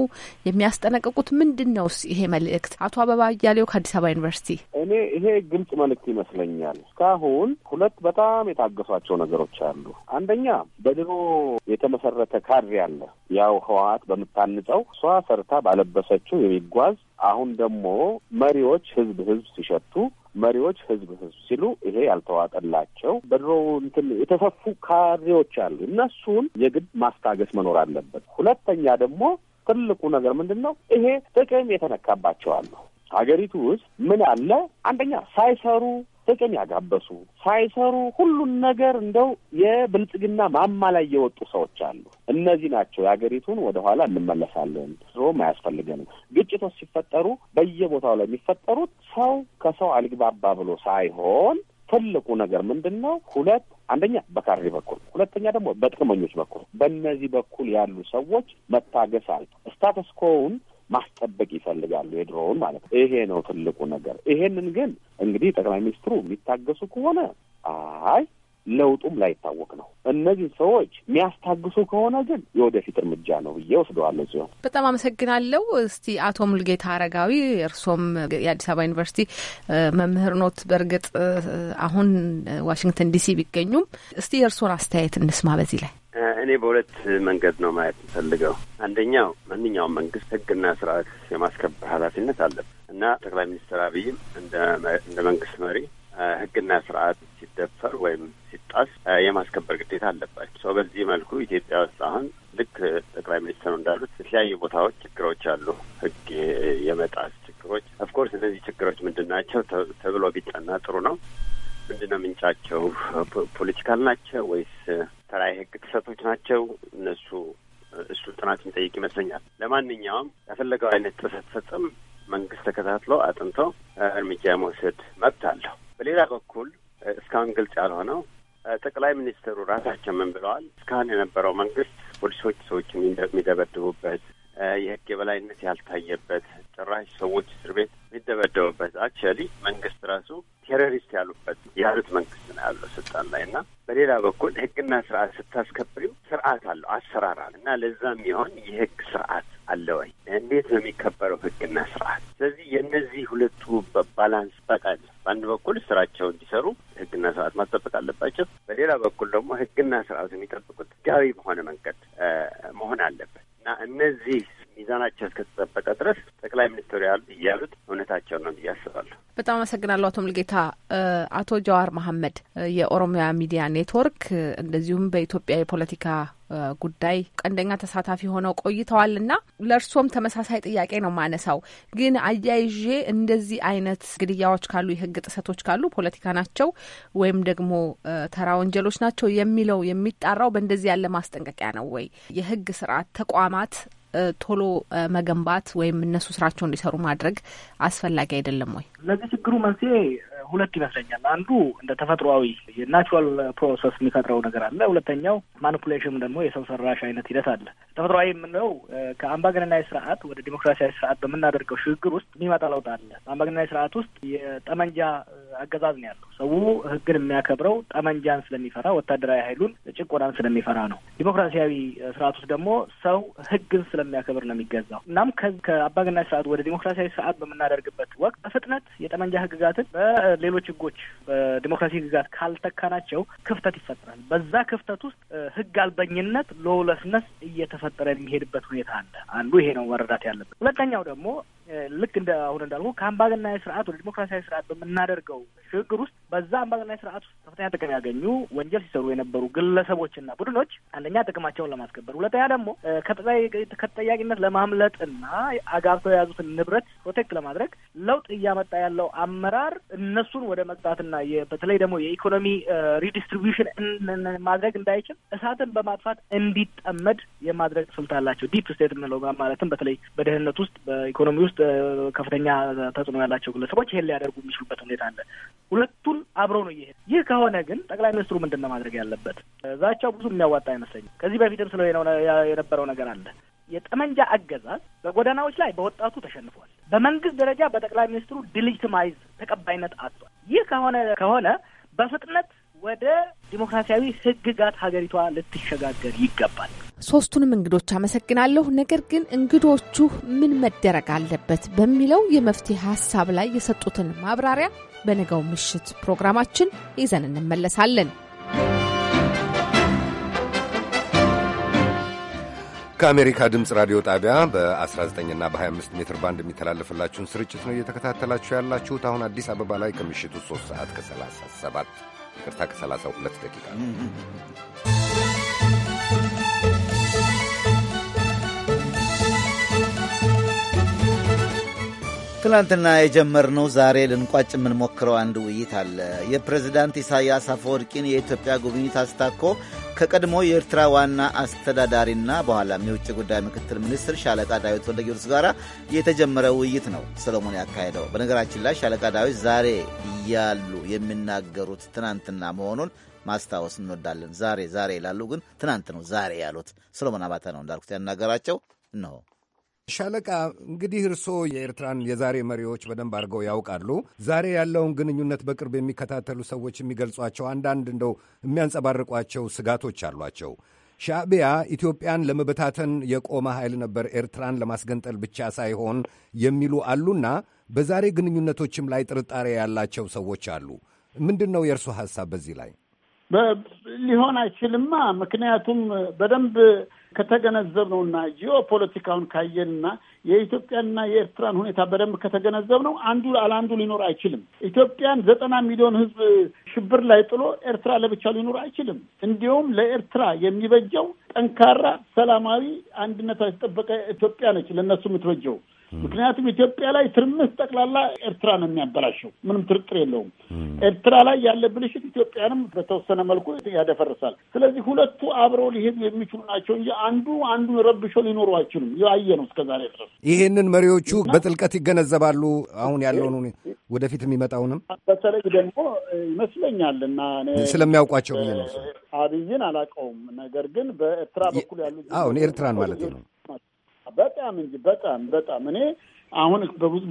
የሚያስጠነቅቁት? ምንድን ነው ይሄ መልእክት? አቶ አበባ እያሌው ከአዲስ አበባ ዩኒቨርሲቲ። እኔ ይሄ ግልጽ መልእክት ይመስለኛል። እስካሁን ሁለት በጣም የታገሷቸው ነገሮች አሉ። አንደኛ በድሮ የተመሰረተ ካድሬ አለ ያው ህወሀት በምታንጸው እሷ ሰርታ ባለበሰችው የሚጓዝ አሁን ደግሞ መሪዎች ህዝብ ህዝብ ሲሸቱ መሪዎች ህዝብ ህዝብ ሲሉ ይሄ ያልተዋጠላቸው በድሮ እንትን የተሰፉ ካሬዎች አሉ። እነሱን የግድ ማስታገስ መኖር አለበት። ሁለተኛ ደግሞ ትልቁ ነገር ምንድን ነው? ይሄ ጥቅም የተነካባቸዋል ነው። ሀገሪቱ ውስጥ ምን አለ? አንደኛ ሳይሰሩ ጥቅም ያጋበሱ ሳይሰሩ ሁሉን ነገር እንደው የብልጽግና ማማ ላይ የወጡ ሰዎች አሉ። እነዚህ ናቸው የሀገሪቱን ወደኋላ እንመለሳለን ድሮም አያስፈልገንም ግጭቶች ሲፈጠሩ በየቦታው ላይ የሚፈጠሩት ሰው ከሰው አልግባባ ብሎ ሳይሆን ትልቁ ነገር ምንድን ነው? ሁለት አንደኛ በካሬ በኩል ሁለተኛ ደግሞ በጥቅመኞች በኩል በእነዚህ በኩል ያሉ ሰዎች መታገስ አል ስታተስኮውን ማስጠበቅ ይፈልጋሉ፣ የድሮውን ማለት ነው። ይሄ ነው ትልቁ ነገር። ይሄንን ግን እንግዲህ ጠቅላይ ሚኒስትሩ የሚታገሱ ከሆነ አይ ለውጡም ላይታወቅ ነው። እነዚህ ሰዎች የሚያስታግሱ ከሆነ ግን የወደፊት እርምጃ ነው ብዬ ወስደዋለሁ። ሲሆን በጣም አመሰግናለሁ። እስቲ አቶ ሙልጌታ አረጋዊ እርሶም የአዲስ አበባ ዩኒቨርሲቲ መምህር ኖት፣ በእርግጥ አሁን ዋሽንግተን ዲሲ ቢገኙም እስቲ የእርሶን አስተያየት እንስማ በዚህ ላይ እኔ በሁለት መንገድ ነው ማየት የምፈልገው። አንደኛው ማንኛውም መንግስት ህግና ስርዓት የማስከበር ኃላፊነት አለበት እና ጠቅላይ ሚኒስትር አብይም እንደ መንግስት መሪ ህግና ስርዓት ሲደፈር ወይም ሲጣስ የማስከበር ግዴታ አለባቸው። ሰው በዚህ መልኩ ኢትዮጵያ ውስጥ አሁን ልክ ጠቅላይ ሚኒስትሩ እንዳሉት የተለያዩ ቦታዎች ችግሮች አሉ፣ ህግ የመጣስ ችግሮች። ኦፍኮርስ እነዚህ ችግሮች ምንድን ናቸው ተብሎ ቢጠና ጥሩ ነው። ምንድን ነው ምንጫቸው? ፖለቲካል ናቸው ወይስ ተራ የህግ ጥሰቶች ናቸው? እነሱ እሱ ጥናት የሚጠይቅ ይመስለኛል። ለማንኛውም ያፈለገው አይነት ጥሰት ፈጽም መንግስት ተከታትሎ አጥንቶ እርምጃ የመውሰድ መብት አለው። በሌላ በኩል እስካሁን ግልጽ ያልሆነው ጠቅላይ ሚኒስትሩ ራሳቸው ምን ብለዋል? እስካሁን የነበረው መንግስት ፖሊሶች ሰዎች የሚደበድቡበት የህግ የበላይነት ያልታየበት ጭራሽ ሰዎች እስር ቤት የሚደበደቡበት አክቹዋሊ መንግስት ራሱ ቴሮሪስት ያሉበት ያሉት መንግስት ነው ያለው ስልጣን ላይ እና በሌላ በኩል ህግና ስርዓት ስታስከብሪው ስርዓት አለው አሰራር አለ እና ለዛም የሚሆን የህግ ስርዓት አለ ወይ? እንዴት ነው የሚከበረው ህግና ስርዓት? ስለዚህ የእነዚህ ሁለቱ ባላንስ በቃል በአንድ በኩል ስራቸው እንዲሰሩ ህግና ስርዓት ማስጠበቅ አለባቸው። በሌላ በኩል ደግሞ ህግና ስርዓቱ የሚጠብቁት ህጋዊ በሆነ መንገድ መሆን አለበት እና እነዚህ ሚዛናቸው እስከተጠበቀ ድረስ ጠቅላይ ሚኒስትሩ እያሉት እውነታቸው ነው ብዬ አስባለሁ። በጣም አመሰግናለሁ አቶ ሙልጌታ። አቶ ጀዋር መሀመድ የኦሮሚያ ሚዲያ ኔትወርክ እንደዚሁም በኢትዮጵያ የፖለቲካ ጉዳይ ቀንደኛ ተሳታፊ ሆነው ቆይተዋል እና ለእርሶም ተመሳሳይ ጥያቄ ነው ማነሳው። ግን አያይዤ እንደዚህ አይነት ግድያዎች ካሉ፣ የህግ ጥሰቶች ካሉ ፖለቲካ ናቸው ወይም ደግሞ ተራ ወንጀሎች ናቸው የሚለው የሚጣራው በእንደዚህ ያለ ማስጠንቀቂያ ነው ወይ? የህግ ስርዓት ተቋማት ቶሎ መገንባት ወይም እነሱ ስራቸው እንዲሰሩ ማድረግ አስፈላጊ አይደለም ወይ? ለዚህ ችግሩ መንስኤ ሁለት ይመስለኛል። አንዱ እንደ ተፈጥሯዊ የናቹራል ፕሮሰስ የሚፈጥረው ነገር አለ። ሁለተኛው ማኒፑሌሽን ደግሞ የሰው ሰራሽ አይነት ሂደት አለ። ተፈጥሯዊ የምንለው ከአምባገነናዊ ስርዓት ወደ ዲሞክራሲያዊ ስርዓት በምናደርገው ሽግግር ውስጥ የሚመጣ ለውጥ አለ። በአምባገነናዊ ስርዓት ውስጥ የጠመንጃ አገዛዝ ነው ያለው። ሰው ህግን የሚያከብረው ጠመንጃን ስለሚፈራ፣ ወታደራዊ ኃይሉን ጭቆናን ስለሚፈራ ነው። ዲሞክራሲያዊ ስርዓት ውስጥ ደግሞ ሰው ህግን ስለሚያከብር ነው የሚገዛው። እናም ከአባገናኝ ስርዓት ወደ ዲሞክራሲያዊ ስርዓት በምናደርግበት ወቅት በፍጥነት የጠመንጃ ህግጋትን በሌሎች ህጎች በዲሞክራሲ ህግጋት ካልተካናቸው ክፍተት ይፈጠራል። በዛ ክፍተት ውስጥ ህግ አልበኝነት፣ ሎውለስነስ እየተፈጠረ የሚሄድበት ሁኔታ አለ። አንዱ ይሄ ነው መረዳት ያለበት። ሁለተኛው ደግሞ ልክ እንደ አሁን እንዳልኩ ከአምባገናዊ ስርዓት ወደ ዲሞክራሲያዊ ስርዓት በምናደርገው ሽግግር ውስጥ በዛ አምባገነናዊ ስርዓት ውስጥ ከፍተኛ ጥቅም ያገኙ ወንጀል ሲሰሩ የነበሩ ግለሰቦችና ቡድኖች አንደኛ ጥቅማቸውን ለማስከበር፣ ሁለተኛ ደግሞ ከተጠያቂነት ለማምለጥና አጋብተው የያዙትን ንብረት ፕሮቴክት ለማድረግ ለውጥ እያመጣ ያለው አመራር እነሱን ወደ መቅጣትና በተለይ ደግሞ የኢኮኖሚ ሪዲስትሪቢሽን ማድረግ እንዳይችል እሳትን በማጥፋት እንዲጠመድ የማድረግ ስልት አላቸው። ዲፕ ስቴት የምንለው ማለትም በተለይ በደህንነት ውስጥ በኢኮኖሚ ውስጥ ከፍተኛ ተጽዕኖ ያላቸው ግለሰቦች ይሄን ሊያደርጉ የሚችሉበት ሁኔታ አለ። ሁለቱን ሁሉም አብረው ነው እየሄደ። ይህ ከሆነ ግን ጠቅላይ ሚኒስትሩ ምንድን ነው ማድረግ ያለበት? ዛቻው ብዙ የሚያዋጣ አይመስለኝም። ከዚህ በፊትም ስለ የነበረው ነገር አለ። የጠመንጃ አገዛዝ በጎዳናዎች ላይ በወጣቱ ተሸንፏል። በመንግስት ደረጃ በጠቅላይ ሚኒስትሩ ድልጅትማይዝ ተቀባይነት አጥቷል። ይህ ከሆነ ከሆነ በፍጥነት ወደ ዲሞክራሲያዊ ህግጋት ሀገሪቷ ልትሸጋገር ይገባል። ሶስቱንም እንግዶች አመሰግናለሁ። ነገር ግን እንግዶቹ ምን መደረግ አለበት በሚለው የመፍትሄ ሀሳብ ላይ የሰጡትን ማብራሪያ በነገው ምሽት ፕሮግራማችን ይዘን እንመለሳለን። ከአሜሪካ ድምፅ ራዲዮ ጣቢያ በ19ና በ25 ሜትር ባንድ የሚተላለፍላችሁን ስርጭት ነው እየተከታተላችሁ ያላችሁት። አሁን አዲስ አበባ ላይ ከምሽቱ 3 ሰዓት ከ37 ይቅርታ ከ32 ደቂቃ ትናንትና የጀመርነው ዛሬ ልንቋጭ የምንሞክረው አንድ ውይይት አለ። የፕሬዝዳንት ኢሳያስ አፈወርቂን የኢትዮጵያ ጉብኝት አስታኮ ከቀድሞ የኤርትራ ዋና አስተዳዳሪና በኋላም የውጭ ጉዳይ ምክትል ሚኒስትር ሻለቃ ዳዊት ወልደ ጊዮርጊስ ጋር የተጀመረ ውይይት ነው ሰሎሞን ያካሄደው። በነገራችን ላይ ሻለቃ ዳዊት ዛሬ እያሉ የሚናገሩት ትናንትና መሆኑን ማስታወስ እንወዳለን። ዛሬ ዛሬ ይላሉ፣ ግን ትናንት ነው ዛሬ ያሉት። ሰሎሞን አባተ ነው እንዳልኩት ያናገራቸው እነሆ ሻለቃ እንግዲህ እርስዎ የኤርትራን የዛሬ መሪዎች በደንብ አድርገው ያውቃሉ። ዛሬ ያለውን ግንኙነት በቅርብ የሚከታተሉ ሰዎች የሚገልጿቸው አንዳንድ እንደው የሚያንጸባርቋቸው ስጋቶች አሏቸው። ሻዕቢያ ኢትዮጵያን ለመበታተን የቆመ ኃይል ነበር፣ ኤርትራን ለማስገንጠል ብቻ ሳይሆን የሚሉ አሉና በዛሬ ግንኙነቶችም ላይ ጥርጣሬ ያላቸው ሰዎች አሉ። ምንድን ነው የእርስዎ ሀሳብ በዚህ ላይ? ሊሆን አይችልማ። ምክንያቱም በደንብ ነው እና ጂኦ ፖለቲካውን ካየንና የኢትዮጵያና የኤርትራን ሁኔታ በደንብ ከተገነዘብ ነው አንዱ አላንዱ ሊኖር አይችልም። ኢትዮጵያን ዘጠና ሚሊዮን ህዝብ ሽብር ላይ ጥሎ ኤርትራ ለብቻ ሊኖር አይችልም። እንዲሁም ለኤርትራ የሚበጀው ጠንካራ ሰላማዊ አንድነት የተጠበቀ ኢትዮጵያ ነች ለእነሱ የምትበጀው። ምክንያቱም ኢትዮጵያ ላይ ትርምስ ጠቅላላ ኤርትራ ነው የሚያበላሸው። ምንም ጥርጥር የለውም። ኤርትራ ላይ ያለ ብልሽት ኢትዮጵያንም በተወሰነ መልኩ ያደፈርሳል። ስለዚህ ሁለቱ አብረው ሊሄዱ የሚችሉ ናቸው እንጂ አንዱ አንዱ ረብሾ ሊኖሩ አይችሉም። ያየ ነው እስከዛሬ ድረስ። ይህንን መሪዎቹ በጥልቀት ይገነዘባሉ። አሁን ያለውን ወደፊት የሚመጣውንም በተለይ ደግሞ ይመስለኛል እና ስለሚያውቋቸው ብዬ ነው። አብይን አላውቀውም፣ ነገር ግን በኤርትራ በኩል ያሉ አሁን ኤርትራን ማለት ነው በጣም እንጂ በጣም በጣም እኔ አሁን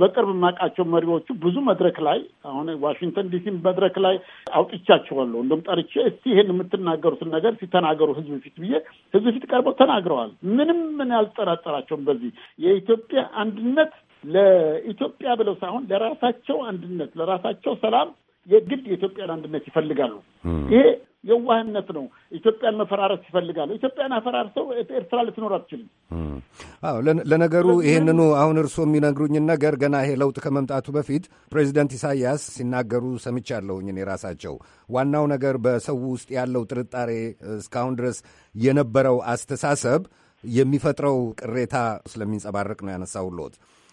በቅርብ የማውቃቸው መሪዎቹ ብዙ መድረክ ላይ አሁን ዋሽንግተን ዲሲ መድረክ ላይ አውጥቻቸዋለሁ። እንደውም ጠርቼ እስቲ ይሄን የምትናገሩትን ነገር ሲተናገሩ ህዝብ ፊት ብዬ ህዝብ ፊት ቀርበው ተናግረዋል። ምንም ምን ያልጠራጠራቸውም በዚህ የኢትዮጵያ አንድነት ለኢትዮጵያ ብለው ሳይሆን ለራሳቸው አንድነት፣ ለራሳቸው ሰላም የግድ የኢትዮጵያን አንድነት ይፈልጋሉ። ይሄ የዋህነት ነው። ኢትዮጵያን መፈራረስ ይፈልጋሉ። ኢትዮጵያን አፈራርሰው ኤርትራ ልትኖር አትችልም። አዎ፣ ለነገሩ ይህንኑ አሁን እርስዎ የሚነግሩኝን ነገር ገና ይሄ ለውጥ ከመምጣቱ በፊት ፕሬዚደንት ኢሳያስ ሲናገሩ ሰምቻለሁኝ እኔ ራሳቸው። ዋናው ነገር በሰው ውስጥ ያለው ጥርጣሬ እስካሁን ድረስ የነበረው አስተሳሰብ የሚፈጥረው ቅሬታ ስለሚንጸባረቅ ነው ያነሳው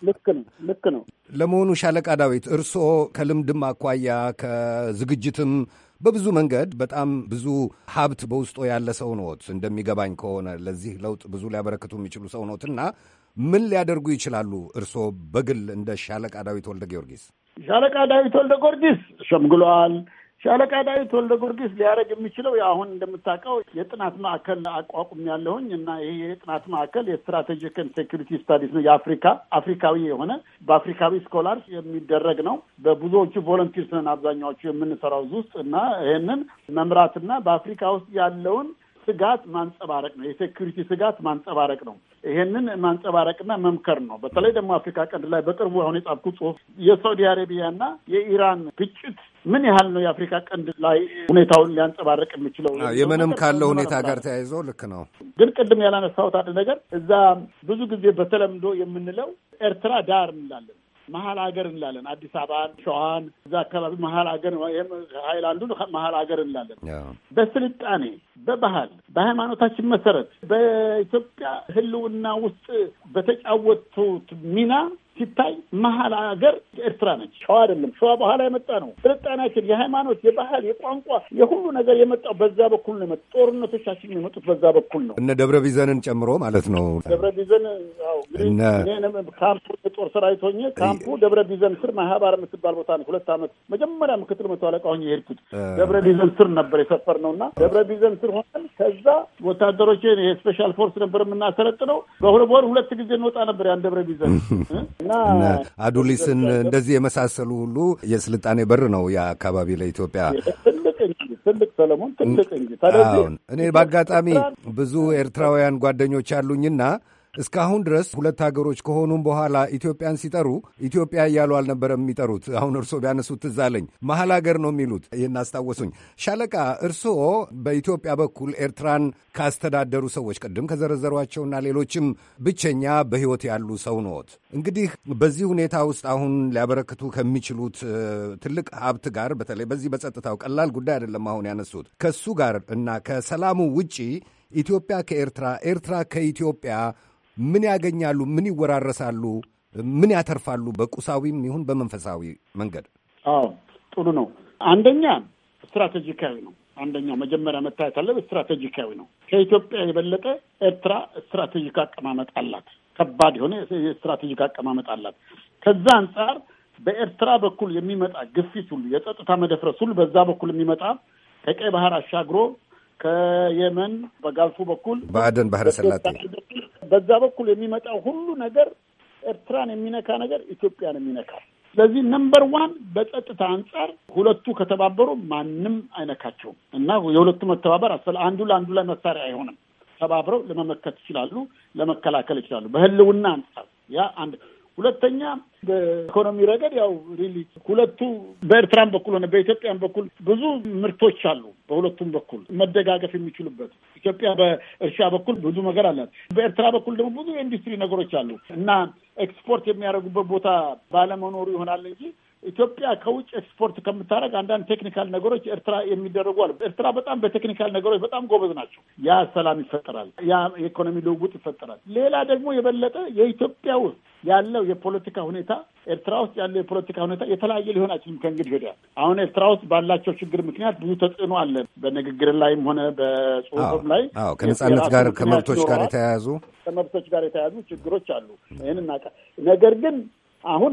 ልክ ነው፣ ልክ ነው። ለመሆኑ ሻለቃ ዳዊት እርስዎ ከልምድም አኳያ ከዝግጅትም በብዙ መንገድ በጣም ብዙ ሀብት በውስጡ ያለ ሰው ኖት፣ እንደሚገባኝ ከሆነ ለዚህ ለውጥ ብዙ ሊያበረክቱ የሚችሉ ሰው ኖት እና ምን ሊያደርጉ ይችላሉ እርስዎ በግል እንደ ሻለቃ ዳዊት ወልደ ጊዮርጊስ? ሻለቃ ዳዊት ወልደ ጊዮርጊስ ሸምግሏል። ሻለቃ ዳዊት ወልደ ጊዮርጊስ ሊያደርግ የሚችለው አሁን እንደምታውቀው የጥናት ማዕከል አቋቁም ያለሁኝ እና ይህ የጥናት ማዕከል የስትራቴጂክ ሴኪሪቲ ስታዲስ ነው። የአፍሪካ አፍሪካዊ የሆነ በአፍሪካዊ ስኮላርስ የሚደረግ ነው። በብዙዎቹ ቮለንቲርስ ነን አብዛኛዎቹ የምንሰራው ውስጥ እና ይህንን መምራትና በአፍሪካ ውስጥ ያለውን ስጋት ማንጸባረቅ ነው። የሴኩሪቲ ስጋት ማንጸባረቅ ነው። ይሄንን ማንጸባረቅና መምከር ነው። በተለይ ደግሞ አፍሪካ ቀንድ ላይ በቅርቡ አሁን የጻፍኩ ጽሁፍ የሳውዲ አረቢያና የኢራን ግጭት ምን ያህል ነው የአፍሪካ ቀንድ ላይ ሁኔታውን ሊያንጸባረቅ የሚችለው የመንም ካለው ሁኔታ ጋር ተያይዞ ልክ ነው። ግን ቅድም ያላነሳሁት አንድ ነገር እዛ ብዙ ጊዜ በተለምዶ የምንለው ኤርትራ ዳር እንላለን መሀል አገር እንላለን። አዲስ አበባን፣ ሸዋን እዛ አካባቢ መሀል ሀገር ይህም ሀይል አንዱ መሀል ሀገር እንላለን። በስልጣኔ በባህል በሃይማኖታችን መሰረት በኢትዮጵያ ህልውና ውስጥ በተጫወቱት ሚና ሲታይ መሀል ሀገር ኤርትራ ነች። ሸዋ አይደለም። ሸዋ በኋላ የመጣ ነው። ስልጣናችን፣ የሃይማኖት፣ የባህል፣ የቋንቋ፣ የሁሉ ነገር የመጣው በዛ በኩል ነው። የመጡት ጦርነቶቻችን የመጡት በዛ በኩል ነው። እነ ደብረ ቢዘንን ጨምሮ ማለት ነው። ደብረ ቢዘን ካምፑ የጦር ሰራዊት ሆኜ ካምፑ ደብረ ቢዘን ስር ማህባር የምትባል ቦታ ነች። ሁለት ዓመት መጀመሪያ ምክትል መቶ አለቃ ሆኜ የሄድኩት ደብረ ቢዘን ስር ነበር የሰፈር ነው እና ደብረ ቢዘን ስር ሆነን ከዛ ወታደሮች ስፔሻል ፎርስ ነበር የምናሰለጥነው። በሁለት ወር ሁለት ጊዜ እንወጣ ነበር ያን ደብረ ቢዘን እና አዱሊስን እንደዚህ የመሳሰሉ ሁሉ የስልጣኔ በር ነው የአካባቢ ለኢትዮጵያ ትልቅ ሰለሞን ትልቅ እንጂ። እኔ በአጋጣሚ ብዙ ኤርትራውያን ጓደኞች አሉኝና እስካሁን ድረስ ሁለት ሀገሮች ከሆኑም በኋላ ኢትዮጵያን ሲጠሩ ኢትዮጵያ እያሉ አልነበረም የሚጠሩት። አሁን እርስዎ ቢያነሱት ትዝ አለኝ መሀል ሀገር ነው የሚሉት። ይህን አስታወሱኝ። ሻለቃ እርስዎ በኢትዮጵያ በኩል ኤርትራን ካስተዳደሩ ሰዎች ቅድም ከዘረዘሯቸውና ሌሎችም ብቸኛ በሕይወት ያሉ ሰው ነዎት። እንግዲህ በዚህ ሁኔታ ውስጥ አሁን ሊያበረክቱ ከሚችሉት ትልቅ ሀብት ጋር በተለይ በዚህ በጸጥታው ቀላል ጉዳይ አይደለም አሁን ያነሱት ከሱ ጋር እና ከሰላሙ ውጪ ኢትዮጵያ ከኤርትራ ኤርትራ ከኢትዮጵያ ምን ያገኛሉ? ምን ይወራረሳሉ? ምን ያተርፋሉ? በቁሳዊም ይሁን በመንፈሳዊ መንገድ። አዎ ጥሩ ነው። አንደኛ ስትራቴጂካዊ ነው። አንደኛው መጀመሪያ መታየት አለበት፣ ስትራቴጂካዊ ነው። ከኢትዮጵያ የበለጠ ኤርትራ ስትራቴጂክ አቀማመጥ አላት። ከባድ የሆነ የስትራቴጂክ አቀማመጥ አላት። ከዛ አንጻር በኤርትራ በኩል የሚመጣ ግፊት ሁሉ፣ የጸጥታ መደፍረስ ሁሉ በዛ በኩል የሚመጣ ከቀይ ባህር አሻግሮ ከየመን በጋልፉ በኩል በአደን ባህረ ሰላጤ በዛ በኩል የሚመጣው ሁሉ ነገር ኤርትራን የሚነካ ነገር ኢትዮጵያን የሚነካ ስለዚህ ነምበር ዋን በጸጥታ አንጻር ሁለቱ ከተባበሩ ማንም አይነካቸውም እና የሁለቱ መተባበር አስፈ አንዱ ለአንዱ ላይ መሳሪያ አይሆንም። ተባብረው ለመመከት ይችላሉ፣ ለመከላከል ይችላሉ። በህልውና አንጻር ያ አንድ ሁለተኛ በኢኮኖሚ ረገድ ያው ሪሊ ሁለቱ በኤርትራም በኩል ሆነ በኢትዮጵያን በኩል ብዙ ምርቶች አሉ። በሁለቱም በኩል መደጋገፍ የሚችሉበት ኢትዮጵያ በእርሻ በኩል ብዙ ነገር አላት። በኤርትራ በኩል ደግሞ ብዙ የኢንዱስትሪ ነገሮች አሉ እና ኤክስፖርት የሚያደርጉበት ቦታ ባለመኖሩ ይሆናል እንጂ ኢትዮጵያ ከውጭ ኤክስፖርት ከምታደረግ አንዳንድ ቴክኒካል ነገሮች ኤርትራ የሚደረጉ አሉ። ኤርትራ በጣም በቴክኒካል ነገሮች በጣም ጎበዝ ናቸው። ያ ሰላም ይፈጠራል። ያ የኢኮኖሚ ልውውጥ ይፈጠራል። ሌላ ደግሞ የበለጠ የኢትዮጵያ ውስጥ ያለው የፖለቲካ ሁኔታ ኤርትራ ውስጥ ያለው የፖለቲካ ሁኔታ የተለያየ ሊሆን አይችልም። ከእንግዲህ ወዲያ አሁን ኤርትራ ውስጥ ባላቸው ችግር ምክንያት ብዙ ተጽዕኖ አለ፣ በንግግር ላይም ሆነ በጽሁፍም ላይ ከነጻነት ጋር ከመብቶች ጋር የተያያዙ ከመብቶች ጋር የተያያዙ ችግሮች አሉ። ይህን ነገር ግን አሁን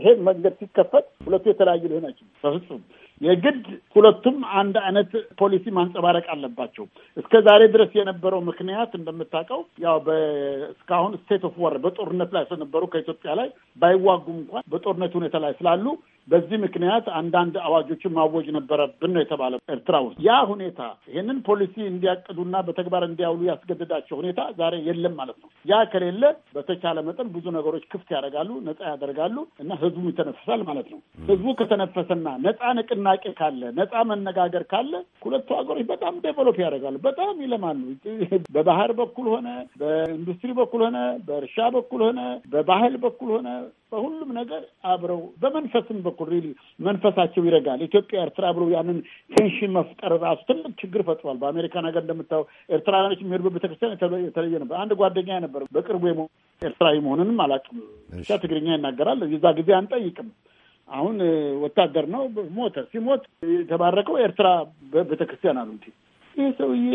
ይሄ መንገድ ሲከፈት ሁለቱ የተለያዩ ሊሆን አይችሉም በፍጹም። የግድ ሁለቱም አንድ አይነት ፖሊሲ ማንጸባረቅ አለባቸው። እስከ ዛሬ ድረስ የነበረው ምክንያት እንደምታውቀው ያው እስካሁን ስቴት ኦፍ ወር በጦርነት ላይ ስለነበሩ ከኢትዮጵያ ላይ ባይዋጉም እንኳን በጦርነት ሁኔታ ላይ ስላሉ በዚህ ምክንያት አንዳንድ አዋጆችን ማወጅ ነበረብን ነው የተባለ ኤርትራ ውስጥ ያ ሁኔታ ይህንን ፖሊሲ እንዲያቅዱና በተግባር እንዲያውሉ ያስገደዳቸው ሁኔታ ዛሬ የለም ማለት ነው። ያ ከሌለ በተቻለ መጠን ብዙ ነገሮች ክፍት ያደርጋሉ፣ ነጻ ያደርጋሉ እና ህዝቡ ይተነፍሳል ማለት ነው። ህዝቡ ከተነፈሰና ነጻ ንቅና ንቅናቄ ካለ፣ ነፃ መነጋገር ካለ ሁለቱ ሀገሮች በጣም ዴቨሎፕ ያደርጋሉ፣ በጣም ይለማሉ። በባህር በኩል ሆነ፣ በኢንዱስትሪ በኩል ሆነ፣ በእርሻ በኩል ሆነ፣ በባህል በኩል ሆነ በሁሉም ነገር አብረው በመንፈስም በኩል ሪሊ መንፈሳቸው ይረጋል። ኢትዮጵያ ኤርትራ ብሎ ያንን ቴንሽን መፍጠር ራሱ ትልቅ ችግር ፈጥሯል። በአሜሪካን ሀገር እንደምታው ኤርትራውያኖች የሚሄዱ ቤተክርስቲያን የተለየ ነበር። አንድ ጓደኛ ነበር በቅርቡ ኤርትራዊ መሆንንም አላውቅም፣ ብቻ ትግርኛ ይናገራል። የዛ ጊዜ አንጠይቅም አሁን ወታደር ነው ሞተ። ሲሞት የተባረከው ኤርትራ ቤተክርስቲያን አሉ። ይህ ሰውዬ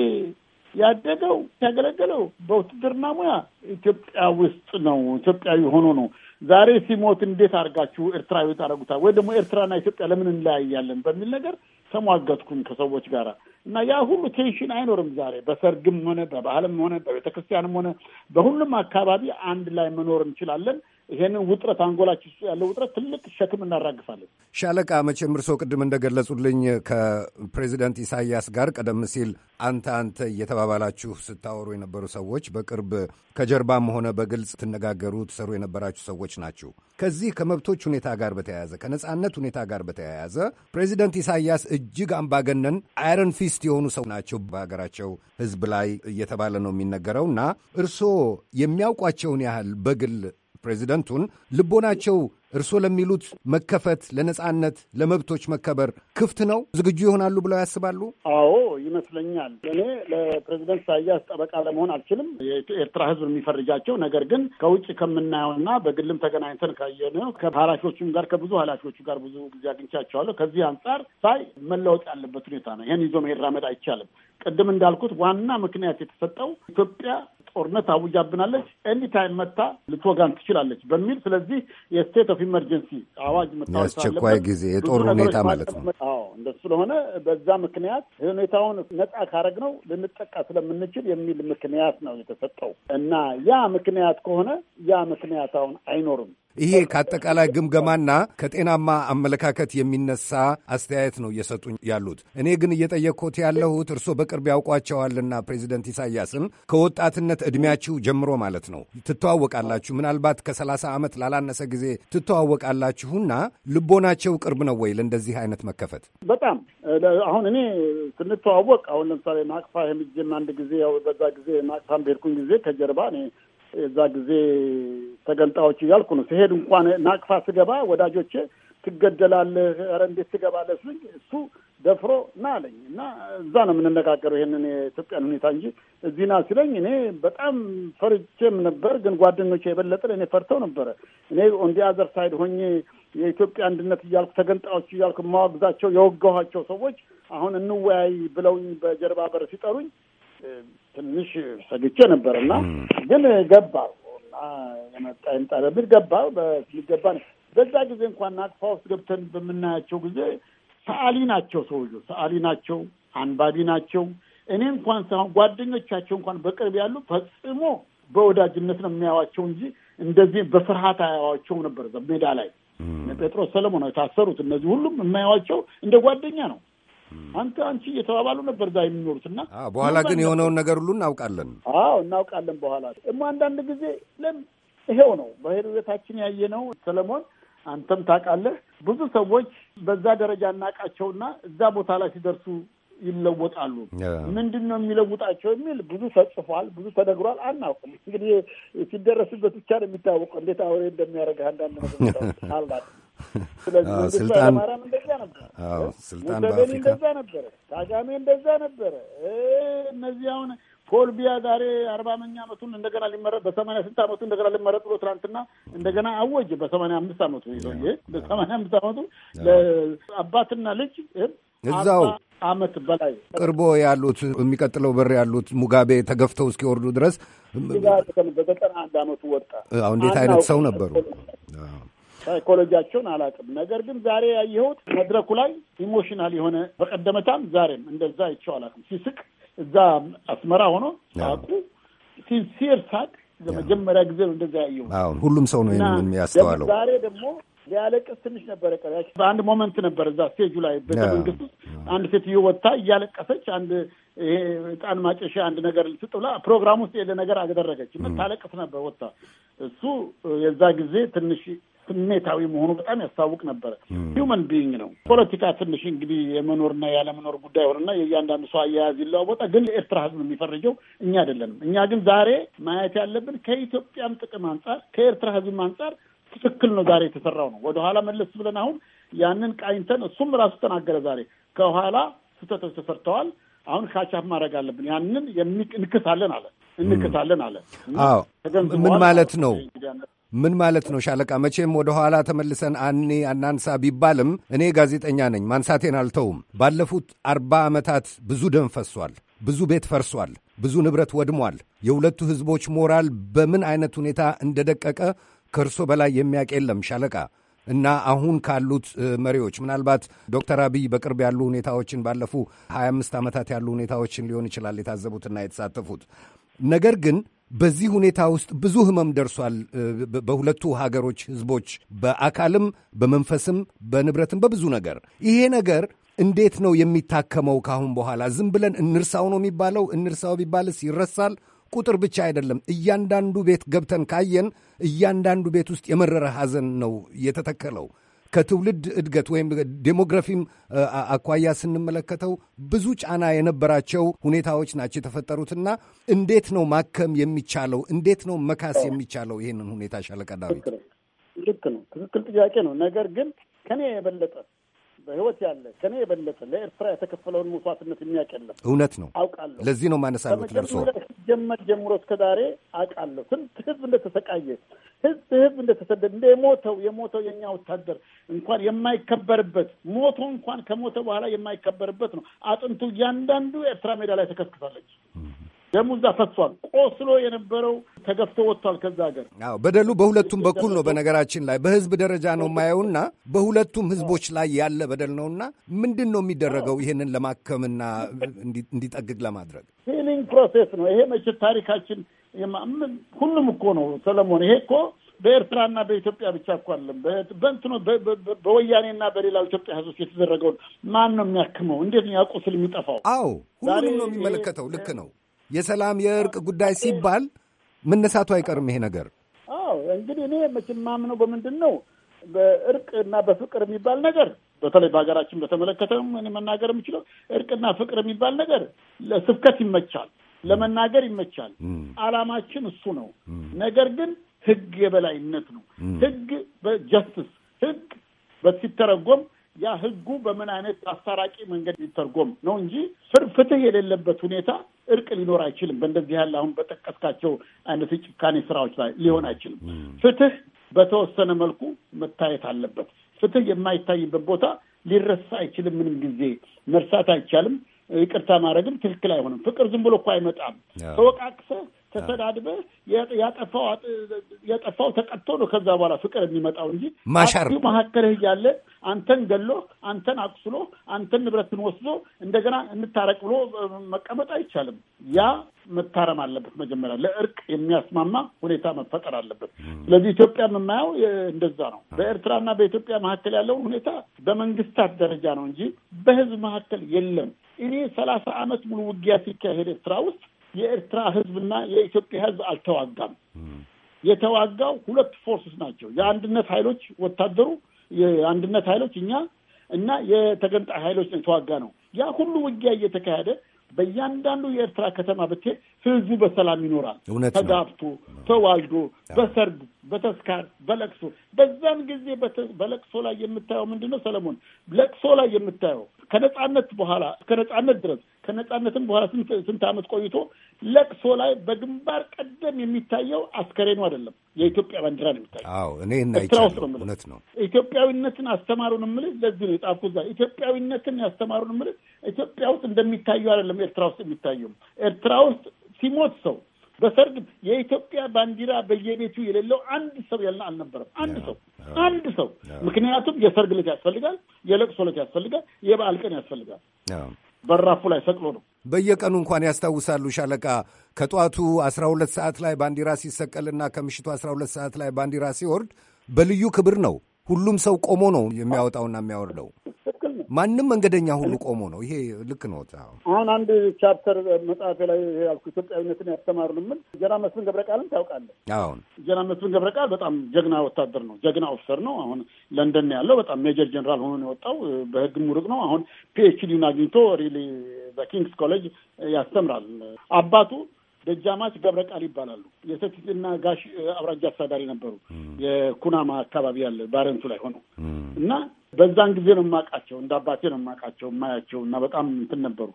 ያደገው ያገለገለው በውትድርና ሙያ ኢትዮጵያ ውስጥ ነው። ኢትዮጵያዊ ሆኖ ነው። ዛሬ ሲሞት እንዴት አድርጋችሁ ኤርትራዊ ታደርጉታል? ወይ ደግሞ ኤርትራና ኢትዮጵያ ለምን እንለያያለን በሚል ነገር ተሟገትኩኝ ከሰዎች ጋር እና ያ ሁሉ ቴንሽን አይኖርም። ዛሬ በሰርግም ሆነ በባህልም ሆነ በቤተክርስቲያንም ሆነ በሁሉም አካባቢ አንድ ላይ መኖር እንችላለን። ይሄንን ውጥረት አንጎላችን ውስጥ ያለው ውጥረት ትልቅ ሸክም እናራግፋለን። ሻለቃ መቼም እርሶ ቅድም እንደገለጹልኝ ከፕሬዚደንት ኢሳያስ ጋር ቀደም ሲል አንተ አንተ እየተባባላችሁ ስታወሩ የነበሩ ሰዎች በቅርብ ከጀርባም ሆነ በግልጽ ትነጋገሩ ትሰሩ የነበራችሁ ሰዎች ናችሁ። ከዚህ ከመብቶች ሁኔታ ጋር በተያያዘ ከነጻነት ሁኔታ ጋር በተያያዘ ፕሬዚደንት ኢሳያስ እጅግ አምባገነን አይረን ፊስት የሆኑ ሰው ናቸው በሀገራቸው ሕዝብ ላይ እየተባለ ነው የሚነገረው እና እርስዎ የሚያውቋቸውን ያህል በግል ፕሬዚደንቱን ልቦናቸው እርሶ ለሚሉት መከፈት፣ ለነጻነት፣ ለመብቶች መከበር ክፍት ነው፣ ዝግጁ ይሆናሉ ብለው ያስባሉ? አዎ ይመስለኛል። እኔ ለፕሬዚደንት ኢሳያስ ጠበቃ ለመሆን አልችልም። የኤርትራ ሕዝብ የሚፈርጃቸው ነገር ግን ከውጭ ከምናየውና በግልም ተገናኝተን ካየነው ከኃላፊዎቹም ጋር ከብዙ ኃላፊዎቹ ጋር ብዙ ጊዜ አግኝቻቸዋለሁ። ከዚህ አንጻር ሳይ መለወጥ ያለበት ሁኔታ ነው። ይህን ይዞ መሄድ ራመድ አይቻልም። ቅድም እንዳልኩት ዋና ምክንያት የተሰጠው ኢትዮጵያ ጦርነት አውጃብናለች፣ ኤኒታይም መታ ልትወጋን ትችላለች በሚል ስለዚህ የስቴት ኦፍ ኢመርጀንሲ አዋጅ የአስቸኳይ ጊዜ የጦር ሁኔታ ማለት ነው። አዎ እንደሱ ስለሆነ በዛ ምክንያት ሁኔታውን ነጻ ካረግ ነው ልንጠቃ ስለምንችል የሚል ምክንያት ነው የተሰጠው እና ያ ምክንያት ከሆነ ያ ምክንያት አሁን አይኖርም። ይሄ ከአጠቃላይ ግምገማና ከጤናማ አመለካከት የሚነሳ አስተያየት ነው እየሰጡኝ ያሉት። እኔ ግን እየጠየቅኩት ያለሁት እርስዎ በቅርብ ያውቋቸዋልና ፕሬዚደንት ኢሳያስን ከወጣትነት እድሜያችሁ ጀምሮ ማለት ነው ትተዋወቃላችሁ። ምናልባት ከሰላሳ ዓመት ላላነሰ ጊዜ ትተዋወቃላችሁና ልቦናቸው ቅርብ ነው ወይ ለእንደዚህ አይነት መከፈት? በጣም አሁን እኔ ስንተዋወቅ አሁን ለምሳሌ ናቅፋ የሚጀም አንድ ጊዜ ያው በዛ ጊዜ ናቅፋ ሄድኩኝ ጊዜ ከጀርባ የዛ ጊዜ ተገንጣዮች እያልኩ ነው። ሲሄድ እንኳን ናቅፋ ስገባ ወዳጆቼ ትገደላለህ፣ ኧረ እንዴት ትገባለህ ስል እሱ ደፍሮ ና አለኝ እና እዛ ነው የምንነጋገረው ይሄንን የኢትዮጵያን ሁኔታ እንጂ እዚህ ና ሲለኝ እኔ በጣም ፈርቼም ነበር፣ ግን ጓደኞች የበለጠ እኔ ፈርተው ነበረ። እኔ ኦንዲ አዘር ሳይድ ሆኜ የኢትዮጵያ አንድነት እያልኩ ተገንጣዮች እያልኩ የማወግዛቸው የወጋኋቸው ሰዎች አሁን እንወያይ ብለውኝ በጀርባ በር ሲጠሩኝ ትንሽ ሰግቼ ነበር እና ግን ገባው እና የመጣይም ጠረብር ገባው በሚገባ ነው። በዛ ጊዜ እንኳን ናቅፋ ውስጥ ገብተን በምናያቸው ጊዜ ሰዓሊ ናቸው፣ ሰውዬ ሰዓሊ ናቸው፣ አንባቢ ናቸው። እኔ እንኳን ሳይሆን ጓደኞቻቸው እንኳን በቅርብ ያሉ ፈጽሞ በወዳጅነት ነው የሚያዋቸው እንጂ እንደዚህ በፍርሃት አያዋቸው ነበር ሜዳ ላይ ጴጥሮስ ሰለሞን የታሰሩት እነዚህ ሁሉም የማያዋቸው እንደ ጓደኛ ነው። አንተ አንቺ እየተባባሉ ነበር እዛ የሚኖሩት እና በኋላ ግን የሆነውን ነገር ሁሉ እናውቃለን። አዎ እናውቃለን። በኋላ እማ አንዳንድ ጊዜ ለም ይሄው ነው በህይወታችን ያየነው ሰለሞን፣ አንተም ታውቃለህ። ብዙ ሰዎች በዛ ደረጃ እናውቃቸውና እዛ ቦታ ላይ ሲደርሱ ይለወጣሉ። ምንድን ነው የሚለውጣቸው የሚል ብዙ ተጽፏል፣ ብዙ ተነግሯል። አናውቅም እንግዲህ ሲደረስበት ብቻ ነው የሚታወቀው እንዴት አውሬ እንደሚያደርግህ አንዳንድ ነገር አላ ስለዚህ እንደዛ ነበረ፣ ስልጣን ሙሰቬኒ እንደዛ ነበረ፣ ካጋሜ እንደዛ ነበረ። እነዚህ አሁን ፖል ቢያ ዛሬ አርባ አመቱን እንደገና ሊመረጥ በሰማንያ ስንት አመቱ እንደገና ሊመረጥ ብሎ ትናንትና እንደገና አወጀ። በሰማንያ አምስት አመቱ ይዘውዬ በሰማንያ አምስት አመቱ አባትና ልጅ እዛው አመት በላይ ቅርቦ ያሉት የሚቀጥለው በር ያሉት ሙጋቤ ተገፍተው እስኪወርዱ ድረስ በዘጠና አንድ አመቱ ወጣ። እንዴት አይነት ሰው ነበሩ! ሳይኮሎጂያቸውን አላውቅም። ነገር ግን ዛሬ ያየሁት መድረኩ ላይ ኢሞሽናል የሆነ በቀደመታም ዛሬም እንደዛ አይቼው አላውቅም። ሲስቅ እዛ አስመራ ሆኖ ሳቁ ሲንሲር ሳቅ ለመጀመሪያ ጊዜ ነው እንደዛ ያየሁት። ሁሉም ሰው ነው የሚያስተዋለው። ዛሬ ደግሞ ሊያለቅስ ትንሽ ነበረ ቀረ። በአንድ ሞመንት ነበር እዛ ስቴጁ ላይ ቤተ መንግስት ውስጥ አንድ ሴትዮ ወጥታ እያለቀሰች አንድ ይሄ ዕጣን ማጨሻ አንድ ነገር ስጥ ብላ ፕሮግራም ውስጥ የለ ነገር አደረገች። ታለቅስ ነበር ወጥታ። እሱ የዛ ጊዜ ትንሽ ስሜታዊ መሆኑ በጣም ያስታውቅ ነበረ። ሂውመን ቢይንግ ነው። ፖለቲካ ትንሽ እንግዲህ የመኖርና ያለመኖር ጉዳይ ሆነና የእያንዳንዱ ሰው አያያዝ ይለዋወጣ። ግን ኤርትራ ህዝብ የሚፈርጀው እኛ አይደለንም። እኛ ግን ዛሬ ማየት ያለብን ከኢትዮጵያም ጥቅም አንጻር ከኤርትራ ህዝብም አንጻር ትክክል ነው ዛሬ የተሰራው ነው። ወደኋላ መለስ ብለን አሁን ያንን ቃኝተን እሱም ራሱ ተናገረ ዛሬ ከኋላ ስህተቶች ተሰርተዋል። አሁን ካቻፍ ማድረግ አለብን። ያንን እንክሳለን አለ እንክሳለን አለ። ምን ማለት ነው? ምን ማለት ነው ሻለቃ? መቼም ወደ ኋላ ተመልሰን አኒ አናንሳ ቢባልም እኔ ጋዜጠኛ ነኝ፣ ማንሳቴን አልተውም። ባለፉት አርባ ዓመታት ብዙ ደም ፈሷል፣ ብዙ ቤት ፈርሷል፣ ብዙ ንብረት ወድሟል። የሁለቱ ሕዝቦች ሞራል በምን አይነት ሁኔታ እንደደቀቀ ከእርሶ በላይ የሚያውቅ የለም ሻለቃ። እና አሁን ካሉት መሪዎች ምናልባት ዶክተር አብይ በቅርብ ያሉ ሁኔታዎችን ባለፉ 25 ዓመታት ያሉ ሁኔታዎችን ሊሆን ይችላል የታዘቡትና የተሳተፉት ነገር ግን በዚህ ሁኔታ ውስጥ ብዙ ህመም ደርሷል። በሁለቱ ሀገሮች ህዝቦች በአካልም በመንፈስም በንብረትም በብዙ ነገር ይሄ ነገር እንዴት ነው የሚታከመው? ካሁን በኋላ ዝም ብለን እንርሳው ነው የሚባለው? እንርሳው ቢባልስ ይረሳል? ቁጥር ብቻ አይደለም። እያንዳንዱ ቤት ገብተን ካየን እያንዳንዱ ቤት ውስጥ የመረረ ሐዘን ነው የተተከለው። ከትውልድ እድገት ወይም ዴሞግራፊም አኳያ ስንመለከተው ብዙ ጫና የነበራቸው ሁኔታዎች ናቸው የተፈጠሩትና እንዴት ነው ማከም የሚቻለው? እንዴት ነው መካስ የሚቻለው? ይህንን ሁኔታ ሻለቃ ዳዊት። ልክ ነው፣ ትክክል ጥያቄ ነው። ነገር ግን ከኔ የበለጠ በህይወት ያለ ከኔ የበለጠ ለኤርትራ የተከፈለውን መስዋዕትነት የሚያውቅ የለም። እውነት ነው፣ አውቃለሁ። ለዚህ ነው ማነሳሉት ለእርሶ ሲጀመር ጀምሮ እስከ ዛሬ አውቃለሁ። ስንት ህዝብ እንደተሰቃየ፣ ህዝብ ህዝብ እንደተሰደደ፣ እንደ የሞተው የሞተው የእኛ ወታደር እንኳን የማይከበርበት ሞቶ እንኳን ከሞተ በኋላ የማይከበርበት ነው። አጥንቱ እያንዳንዱ ኤርትራ ሜዳ ላይ ተከስክሳለች። ደሙ እዛ ፈሷል። ቆስሎ የነበረው ተገፍቶ ወጥቷል ከዛ ሀገር። አዎ በደሉ በሁለቱም በኩል ነው። በነገራችን ላይ በህዝብ ደረጃ ነው የማየውና በሁለቱም ህዝቦች ላይ ያለ በደል ነውና ምንድን ነው የሚደረገው ይህንን ለማከምና እንዲጠግግ ለማድረግ ሂሊንግ ፕሮሴስ ነው ይሄ። መቼ ታሪካችን ሁሉም እኮ ነው ሰለሞን። ይሄ እኮ በኤርትራና በኢትዮጵያ ብቻ እኮ አለም በእንትኖ በወያኔና በሌላው ኢትዮጵያ ህዝቦች የተደረገውን ማን ነው የሚያክመው? እንዴት ነው ያቁስል የሚጠፋው? አዎ ሁሉንም ነው የሚመለከተው። ልክ ነው። የሰላም የእርቅ ጉዳይ ሲባል መነሳቱ አይቀርም ይሄ ነገር። አዎ እንግዲህ እኔ መቼም ማምነው በምንድን ነው በእርቅ እና በፍቅር የሚባል ነገር በተለይ በሀገራችን እኔ መናገር የምችለው እርቅና ፍቅር የሚባል ነገር ለስብከት ይመቻል፣ ለመናገር ይመቻል። አላማችን እሱ ነው። ነገር ግን ህግ የበላይነት ነው። ህግ በጀስትስ ህግ ሲተረጎም ያ ህጉ በምን አይነት አስታራቂ መንገድ ሊተርጎም ነው እንጂ ፍትህ የሌለበት ሁኔታ እርቅ ሊኖር አይችልም። በእንደዚህ ያለ አሁን በጠቀስካቸው አይነት የጭካኔ ስራዎች ላይ ሊሆን አይችልም። ፍትህ በተወሰነ መልኩ መታየት አለበት። ፍትህ የማይታይበት ቦታ ሊረሳ አይችልም። ምንም ጊዜ መርሳት አይቻልም። ይቅርታ ማድረግም ትክክል አይሆንም። ፍቅር ዝም ብሎ እኮ አይመጣም። ተወቃቅሰ ተሰዳድበ የጠፋው ተቀጥቶ ነው ከዛ በኋላ ፍቅር የሚመጣው እንጂ ማሻር መካከልህ እያለ አንተን ገሎ አንተን አቁስሎ አንተን ንብረትን ወስዶ እንደገና እንታረቅ ብሎ መቀመጥ አይቻልም። ያ መታረም አለበት። መጀመሪያ ለእርቅ የሚያስማማ ሁኔታ መፈጠር አለበት። ስለዚህ ኢትዮጵያ የምናየው እንደዛ ነው። በኤርትራና በኢትዮጵያ መካከል ያለውን ሁኔታ በመንግስታት ደረጃ ነው እንጂ በህዝብ መካከል የለም። እኔ ሰላሳ ዓመት ሙሉ ውጊያ ሲካሄድ ኤርትራ ውስጥ የኤርትራ ህዝብና የኢትዮጵያ ህዝብ አልተዋጋም። የተዋጋው ሁለት ፎርስስ ናቸው። የአንድነት ኃይሎች ወታደሩ፣ የአንድነት ኃይሎች እኛ እና የተገንጣይ ኃይሎች የተዋጋ ነው። ያ ሁሉ ውጊያ እየተካሄደ በእያንዳንዱ የኤርትራ ከተማ ብትሄድ ህዝቡ በሰላም ይኖራል። ተጋብቶ ተዋልዶ፣ በሰርግ፣ በተስካር፣ በለቅሶ። በዛን ጊዜ በለቅሶ ላይ የምታየው ምንድን ነው ሰለሞን? ለቅሶ ላይ የምታየው ከነጻነት በኋላ እስከ ነጻነት ድረስ ከነጻነትም በኋላ ስንት ዓመት ቆይቶ ለቅሶ ላይ በግንባር ቀደም የሚታየው አስከሬኑ አይደለም፣ የኢትዮጵያ ባንዲራ ነው የሚታየው። አዎ እኔ ኤርትራ ውስጥ ነው እውነት ነው። ኢትዮጵያዊነትን አስተማሩን የምልህ ለዚህ ነው የጻፍኩት። እዛ ኢትዮጵያዊነትን ያስተማሩን የምልህ ኢትዮጵያ ውስጥ እንደሚታየው አይደለም፣ ኤርትራ ውስጥ የሚታየው ኤርትራ ውስጥ ሲሞት ሰው በሰርግ የኢትዮጵያ ባንዲራ በየቤቱ የሌለው አንድ ሰው ያለ አልነበረም። አንድ ሰው አንድ ሰው ምክንያቱም የሰርግ ዕለት ያስፈልጋል፣ የለቅሶ ዕለት ያስፈልጋል፣ የበዓል ቀን ያስፈልጋል። በራፉ ላይ ሰቅሎ ነው። በየቀኑ እንኳን ያስታውሳሉ ሻለቃ ከጠዋቱ 12 ሰዓት ላይ ባንዲራ ሲሰቀልና ከምሽቱ 12 ሰዓት ላይ ባንዲራ ሲወርድ በልዩ ክብር ነው። ሁሉም ሰው ቆሞ ነው የሚያወጣውና የሚያወርደው። ማንም መንገደኛ ሁሉ ቆሞ ነው። ይሄ ልክ ነው። አሁን አንድ ቻፕተር መጽሐፌ ላይ ያልኩ ኢትዮጵያዊነትን ያስተማሩ ልምል ጀነራል መስፍን ገብረቃልን ታውቃለህ? አሁን ጀነራል መስፍን ገብረቃል በጣም ጀግና ወታደር ነው። ጀግና ኦፊሰር ነው። አሁን ለንደን ያለው በጣም ሜጀር ጀነራል ሆኖ የወጣው በህግ ምሩቅ ነው። አሁን ፒኤችዲውን አግኝቶ ሪሊ በኪንግስ ኮሌጅ ያስተምራል። አባቱ ደጃማች ገብረ ቃል ይባላሉ። የሰቲትና ጋሽ አውራጃ አስተዳዳሪ ነበሩ። የኩናማ አካባቢ ያለ ባረንቱ ላይ ሆነው እና በዛን ጊዜ ነው የማውቃቸው፣ እንደ አባቴ ነው የማውቃቸው የማያቸው እና በጣም እንትን ነበሩ።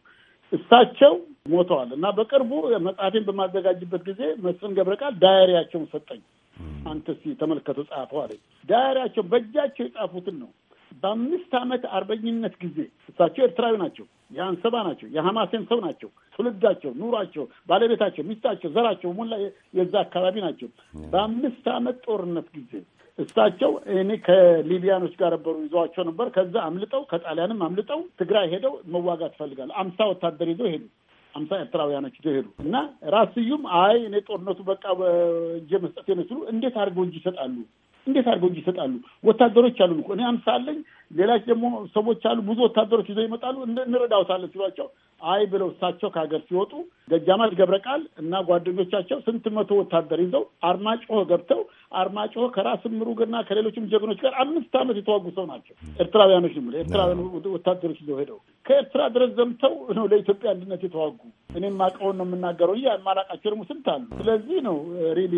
እሳቸው ሞተዋል እና በቅርቡ መጽሐፌን በማዘጋጅበት ጊዜ መስፍን ገብረቃል ዳያሪያቸውን ሰጠኝ። አንተ እስኪ ተመልከተው ጻፈው አለኝ። ዳያሪያቸው በእጃቸው የጻፉትን ነው። በአምስት ዓመት አርበኝነት ጊዜ እሳቸው ኤርትራዊ ናቸው፣ የአንሰባ ናቸው፣ የሐማሴን ሰው ናቸው። ትውልዳቸው፣ ኑሯቸው፣ ባለቤታቸው፣ ሚስታቸው፣ ዘራቸው ሙላ የዛ አካባቢ ናቸው። በአምስት ዓመት ጦርነት ጊዜ እሳቸው እኔ ከሊቢያኖች ጋር ነበሩ ይዘዋቸው ነበር። ከዛ አምልጠው ከጣሊያንም አምልጠው ትግራይ ሄደው መዋጋት ፈልጋል። አምሳ ወታደር ይዘው ሄዱ። አምሳ ኤርትራውያኖች ይዘው ሄዱ እና ራስዩም አይ እኔ ጦርነቱ በቃ እጄ መስጠት ነው ሲሉ እንዴት አድርገው እጅ ይሰጣሉ? እንዴት አድርገው እጅ ይሰጣሉ? ወታደሮች አሉ እኮ እኔ አምሳ አለኝ ሌላች ደግሞ ሰዎች አሉ ብዙ ወታደሮች ይዘው ይመጣሉ እንረዳውታለን ሲሏቸው አይ ብለው እሳቸው ከሀገር ሲወጡ ደጃማች ገብረቃል እና ጓደኞቻቸው ስንት መቶ ወታደር ይዘው አርማጭሆ ገብተው አርማጭሆ ከራስ ምሩግና ከሌሎችም ጀግኖች ጋር አምስት ዓመት የተዋጉ ሰው ናቸው። ኤርትራውያኖች ነው ኤርትራውያን ወታደሮች ይዘው ሄደው ከኤርትራ ድረስ ዘምተው ነው ለኢትዮጵያ አንድነት የተዋጉ። እኔም አውቀውን ነው የምናገረው እ የማላውቃቸው ደግሞ ስንት አሉ። ስለዚህ ነው ሪሊ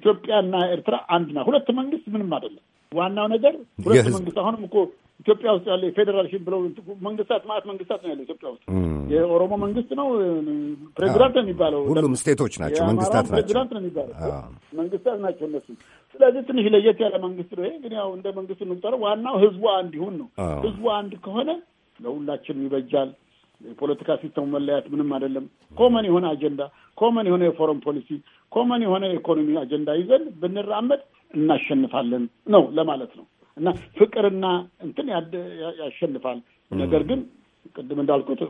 ኢትዮጵያና ኤርትራ አንድና ሁለት መንግስት ምንም አይደለም። ዋናው ነገር ሁለቱ መንግስት አሁንም እኮ ኢትዮጵያ ውስጥ ያለ የፌዴራልሽን ብለው መንግስታት ማለት መንግስታት ነው ያለው ኢትዮጵያ ውስጥ የኦሮሞ መንግስት ነው ፕሬዚዳንት ነው የሚባለው። ሁሉም ስቴቶች ናቸው መንግስታት ናቸው ፕሬዚዳንት ነው የሚባለው መንግስታት ናቸው እነሱ። ስለዚህ ትንሽ ለየት ያለ መንግስት ነው ይሄ። ግን ያው እንደ መንግስት እንቁጠረው። ዋናው ህዝቡ አንድ ይሁን ነው። ህዝቡ አንድ ከሆነ ለሁላችንም ይበጃል። የፖለቲካ ሲስተሙ መለያት ምንም አይደለም። ኮመን የሆነ አጀንዳ፣ ኮመን የሆነ የፎረን ፖሊሲ፣ ኮመን የሆነ የኢኮኖሚ አጀንዳ ይዘን ብንራመድ እናሸንፋለን ነው ለማለት ነው። እና ፍቅርና እንትን ያሸንፋል። ነገር ግን ቅድም እንዳልኩት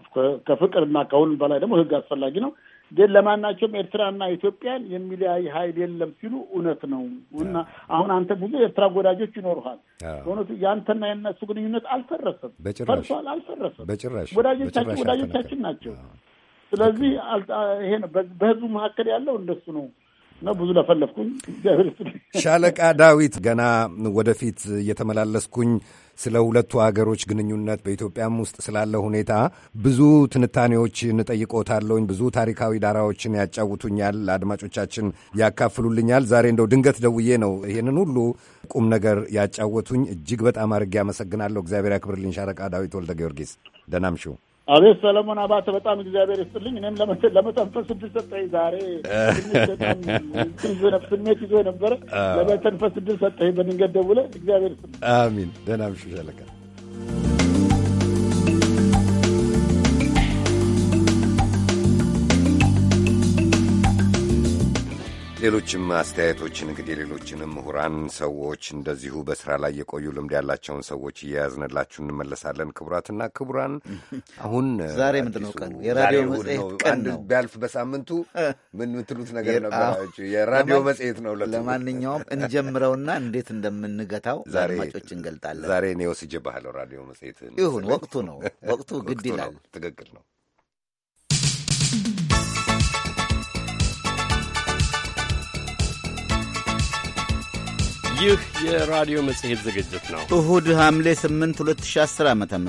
ከፍቅርና ከሁሉም በላይ ደግሞ ህግ አስፈላጊ ነው። ግን ለማናቸውም ኤርትራና ኢትዮጵያን የሚለያይ ኃይል የለም ሲሉ እውነት ነው። እና አሁን አንተ ብዙ ኤርትራ ወዳጆች ይኖርሃል። በእውነቱ የአንተና የነሱ ግንኙነት አልፈረሰም፣ ፈርሷል፣ አልፈረሰም። ወዳጆቻችን ወዳጆቻችን ናቸው። ስለዚህ ይሄ ነው በህዝቡ መካከል ያለው እንደሱ ነው። ነው። ብዙ ለፈለፍኩኝ። እግዚአብሔር ሻለቃ ዳዊት ገና ወደፊት እየተመላለስኩኝ ስለ ሁለቱ ሀገሮች ግንኙነት በኢትዮጵያም ውስጥ ስላለ ሁኔታ ብዙ ትንታኔዎች እንጠይቆታለውኝ። ብዙ ታሪካዊ ዳራዎችን ያጫውቱኛል፣ አድማጮቻችን ያካፍሉልኛል። ዛሬ እንደው ድንገት ደውዬ ነው ይህንን ሁሉ ቁም ነገር ያጫወቱኝ። እጅግ በጣም አድርጌ አመሰግናለሁ። እግዚአብሔር ያክብርልኝ ሻለቃ ዳዊት ወልደ ጊዮርጊስ። ደናምሹ፣ አቤት ሰለሞን አባተ በጣም እግዚአብሔር ይስጥልኝ። እኔም ለመተንፈስ እድል ሰጠኝ ዛሬ። ስሜት ይዞ የነበረ ለመተንፈስ እድል ሰጠኝ በድንገት ደውለህ። እግዚአብሔር ይስጥልኝ። አሚን። ደህና ምሽት ሻለቃ። ሌሎችም አስተያየቶችን እንግዲህ ሌሎችንም ምሁራን ሰዎች እንደዚሁ በስራ ላይ የቆዩ ልምድ ያላቸውን ሰዎች እየያዝንላችሁ እንመለሳለን። ክቡራትና ክቡራን አሁን ዛሬ ምንድን ነው ቀኑ? የራዲዮ መጽሔት ቀን ነው። ቢያልፍ በሳምንቱ ምን ምትሉት ነገር ነበራችሁ? የራዲዮ መጽሔት ነው። ለማንኛውም እንጀምረውና እንዴት እንደምንገታው አድማጮች እንገልጣለን። ዛሬ እኔ ወስጄ ባህለው ራዲዮ መጽሔት ይሁን ወቅቱ ነው። ወቅቱ ግድ ይላል። ትክክል ነው። ይህ የራዲዮ መጽሔት ዝግጅት ነው። እሁድ ሐምሌ 8 2010 ዓ ም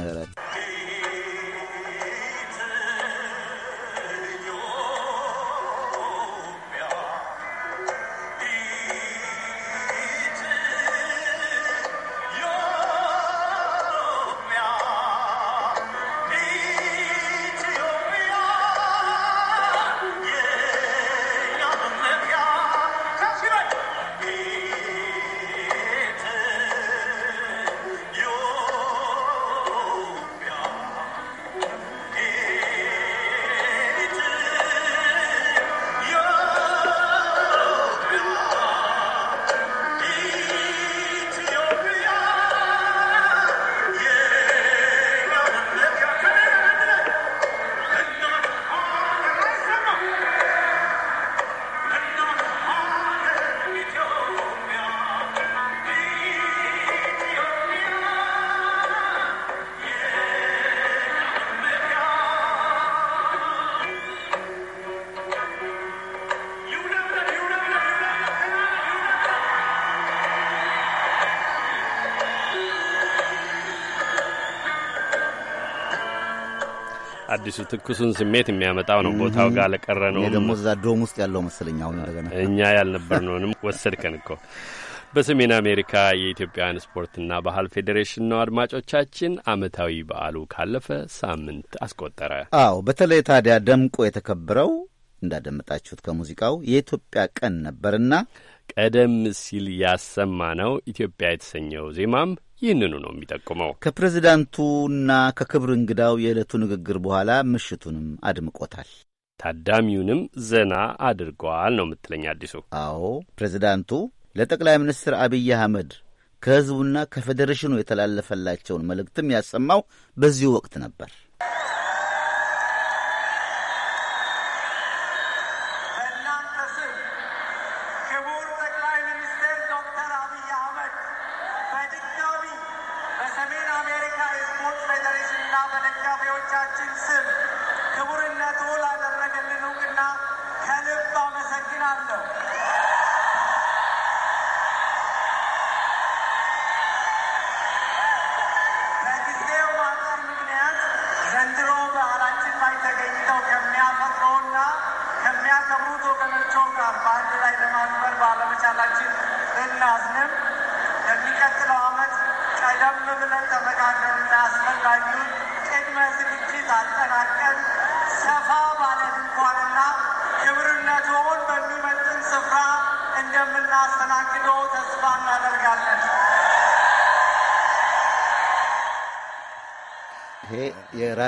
አዲሱ ትኩሱን ስሜት የሚያመጣው ነው። ቦታው ጋር ለቀረ ነው ደግሞ እዛ ዶም ውስጥ ያለው መሰለኝ። አሁን እንደገና እኛ ያልነበርነውንም ወሰድከን እኮ። በሰሜን አሜሪካ የኢትዮጵያውያን ስፖርትና ባህል ፌዴሬሽን ነው። አድማጮቻችን አመታዊ በዓሉ ካለፈ ሳምንት አስቆጠረ። አዎ፣ በተለይ ታዲያ ደምቆ የተከበረው እንዳደመጣችሁት ከሙዚቃው የኢትዮጵያ ቀን ነበርና ቀደም ሲል ያሰማ ነው ኢትዮጵያ የተሰኘው ዜማም ይህንኑ ነው የሚጠቁመው። ከፕሬዚዳንቱና ከክብር እንግዳው የዕለቱ ንግግር በኋላ ምሽቱንም አድምቆታል። ታዳሚውንም ዘና አድርገዋል ነው የምትለኝ አዲሱ? አዎ፣ ፕሬዚዳንቱ ለጠቅላይ ሚኒስትር አብይ አህመድ ከሕዝቡና ከፌዴሬሽኑ የተላለፈላቸውን መልእክትም ያሰማው በዚሁ ወቅት ነበር።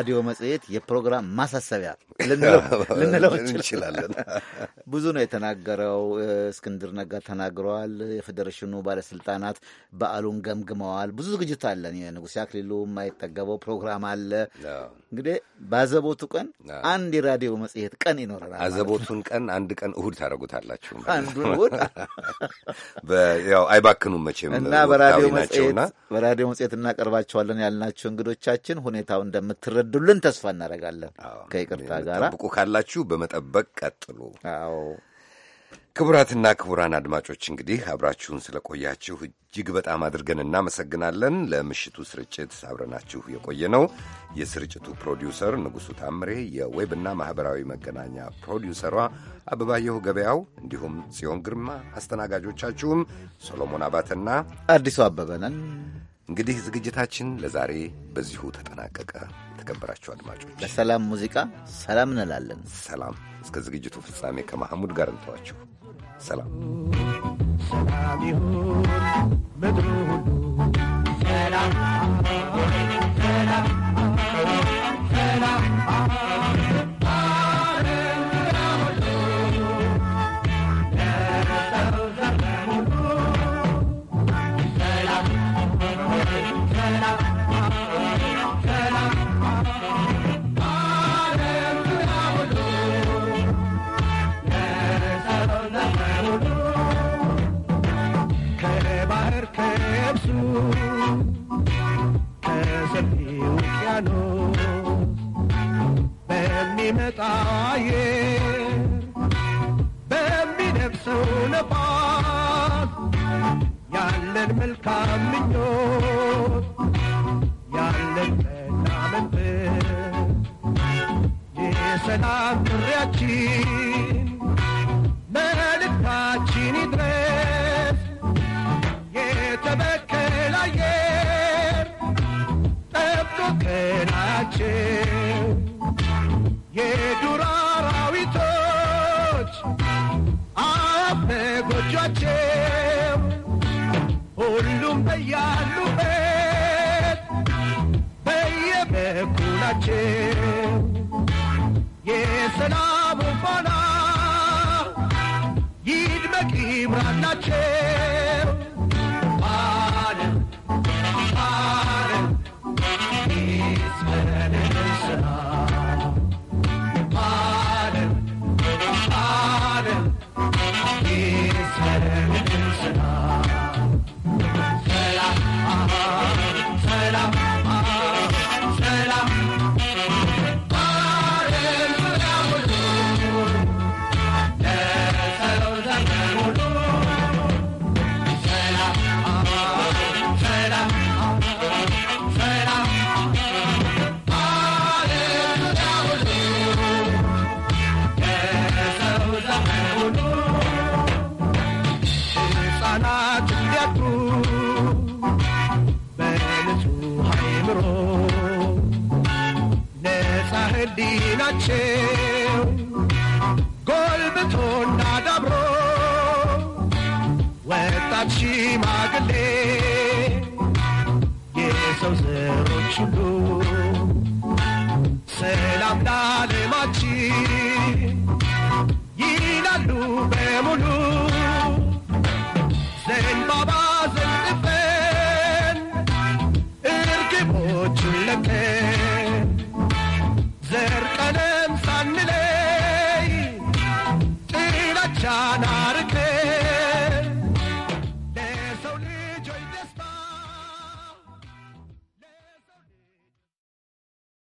የራዲዮ መጽሔት የፕሮግራም ማሳሰቢያ ልንለው እንችላለን። ብዙ ነው የተናገረው። እስክንድር ነጋ ተናግረዋል። የፌዴሬሽኑ ባለስልጣናት በዓሉን ገምግመዋል። ብዙ ዝግጅት አለን። የንጉሴ አክሊሉ የማይጠገበው ፕሮግራም አለ። እንግዲህ ባዘቦቱ ቀን አንድ የራዲዮ መጽሔት ቀን ይኖረናል። አዘቦቱን ቀን አንድ ቀን እሁድ ታደረጉታላችሁ። አንዱ እሁድ ያው አይባክኑም መቼም እና በራዲዮ መጽሔት በራዲዮ መጽሔት እናቀርባቸዋለን ያልናቸው እንግዶቻችን ሁኔታው እንደምትረዱልን ተስፋ እናደርጋለን። ከይቅርታ ጋር ጠብቁ ካላችሁ በመጠበቅ ቀጥሉ። አዎ ክቡራትና ክቡራን አድማጮች እንግዲህ አብራችሁን ስለቆያችሁ እጅግ በጣም አድርገን እናመሰግናለን። ለምሽቱ ስርጭት አብረናችሁ የቆየ ነው የስርጭቱ ፕሮዲውሰር ንጉሡ ታምሬ፣ የዌብና ማኅበራዊ መገናኛ ፕሮዲውሰሯ አበባየሁ ገበያው፣ እንዲሁም ጽዮን ግርማ፣ አስተናጋጆቻችሁም ሶሎሞን አባተና አዲሱ አበበነን። እንግዲህ ዝግጅታችን ለዛሬ በዚሁ ተጠናቀቀ። የተከበራችሁ አድማጮች ለሰላም ሙዚቃ ሰላም እንላለን። ሰላም እስከ ዝግጅቱ ፍጻሜ ከማሐሙድ ጋር እንተዋችሁ። ሰላም ሰላም ይሁን ምድሩ ሁሉ ሰላም ከሰፊው ውቅያኖስ በሚመጣ አየር በሚነፍሰው ነፋስ ያለን መልካም ምኞት ያለን መናመንት የሰላም ጥሪያችን መልእክታችን ይድረስ ናቸው የዱር አራዊቶች አፈ ጎጇቸው ሁሉም በያሉበት በየበኩላቸው የሰላሙ ፋና ይድመቅ ይብራላቸው بچه گل به تو ندبرو ወጣት ሽማግሌ የሰው ዘሮች ሁሉ ሰላም ላለ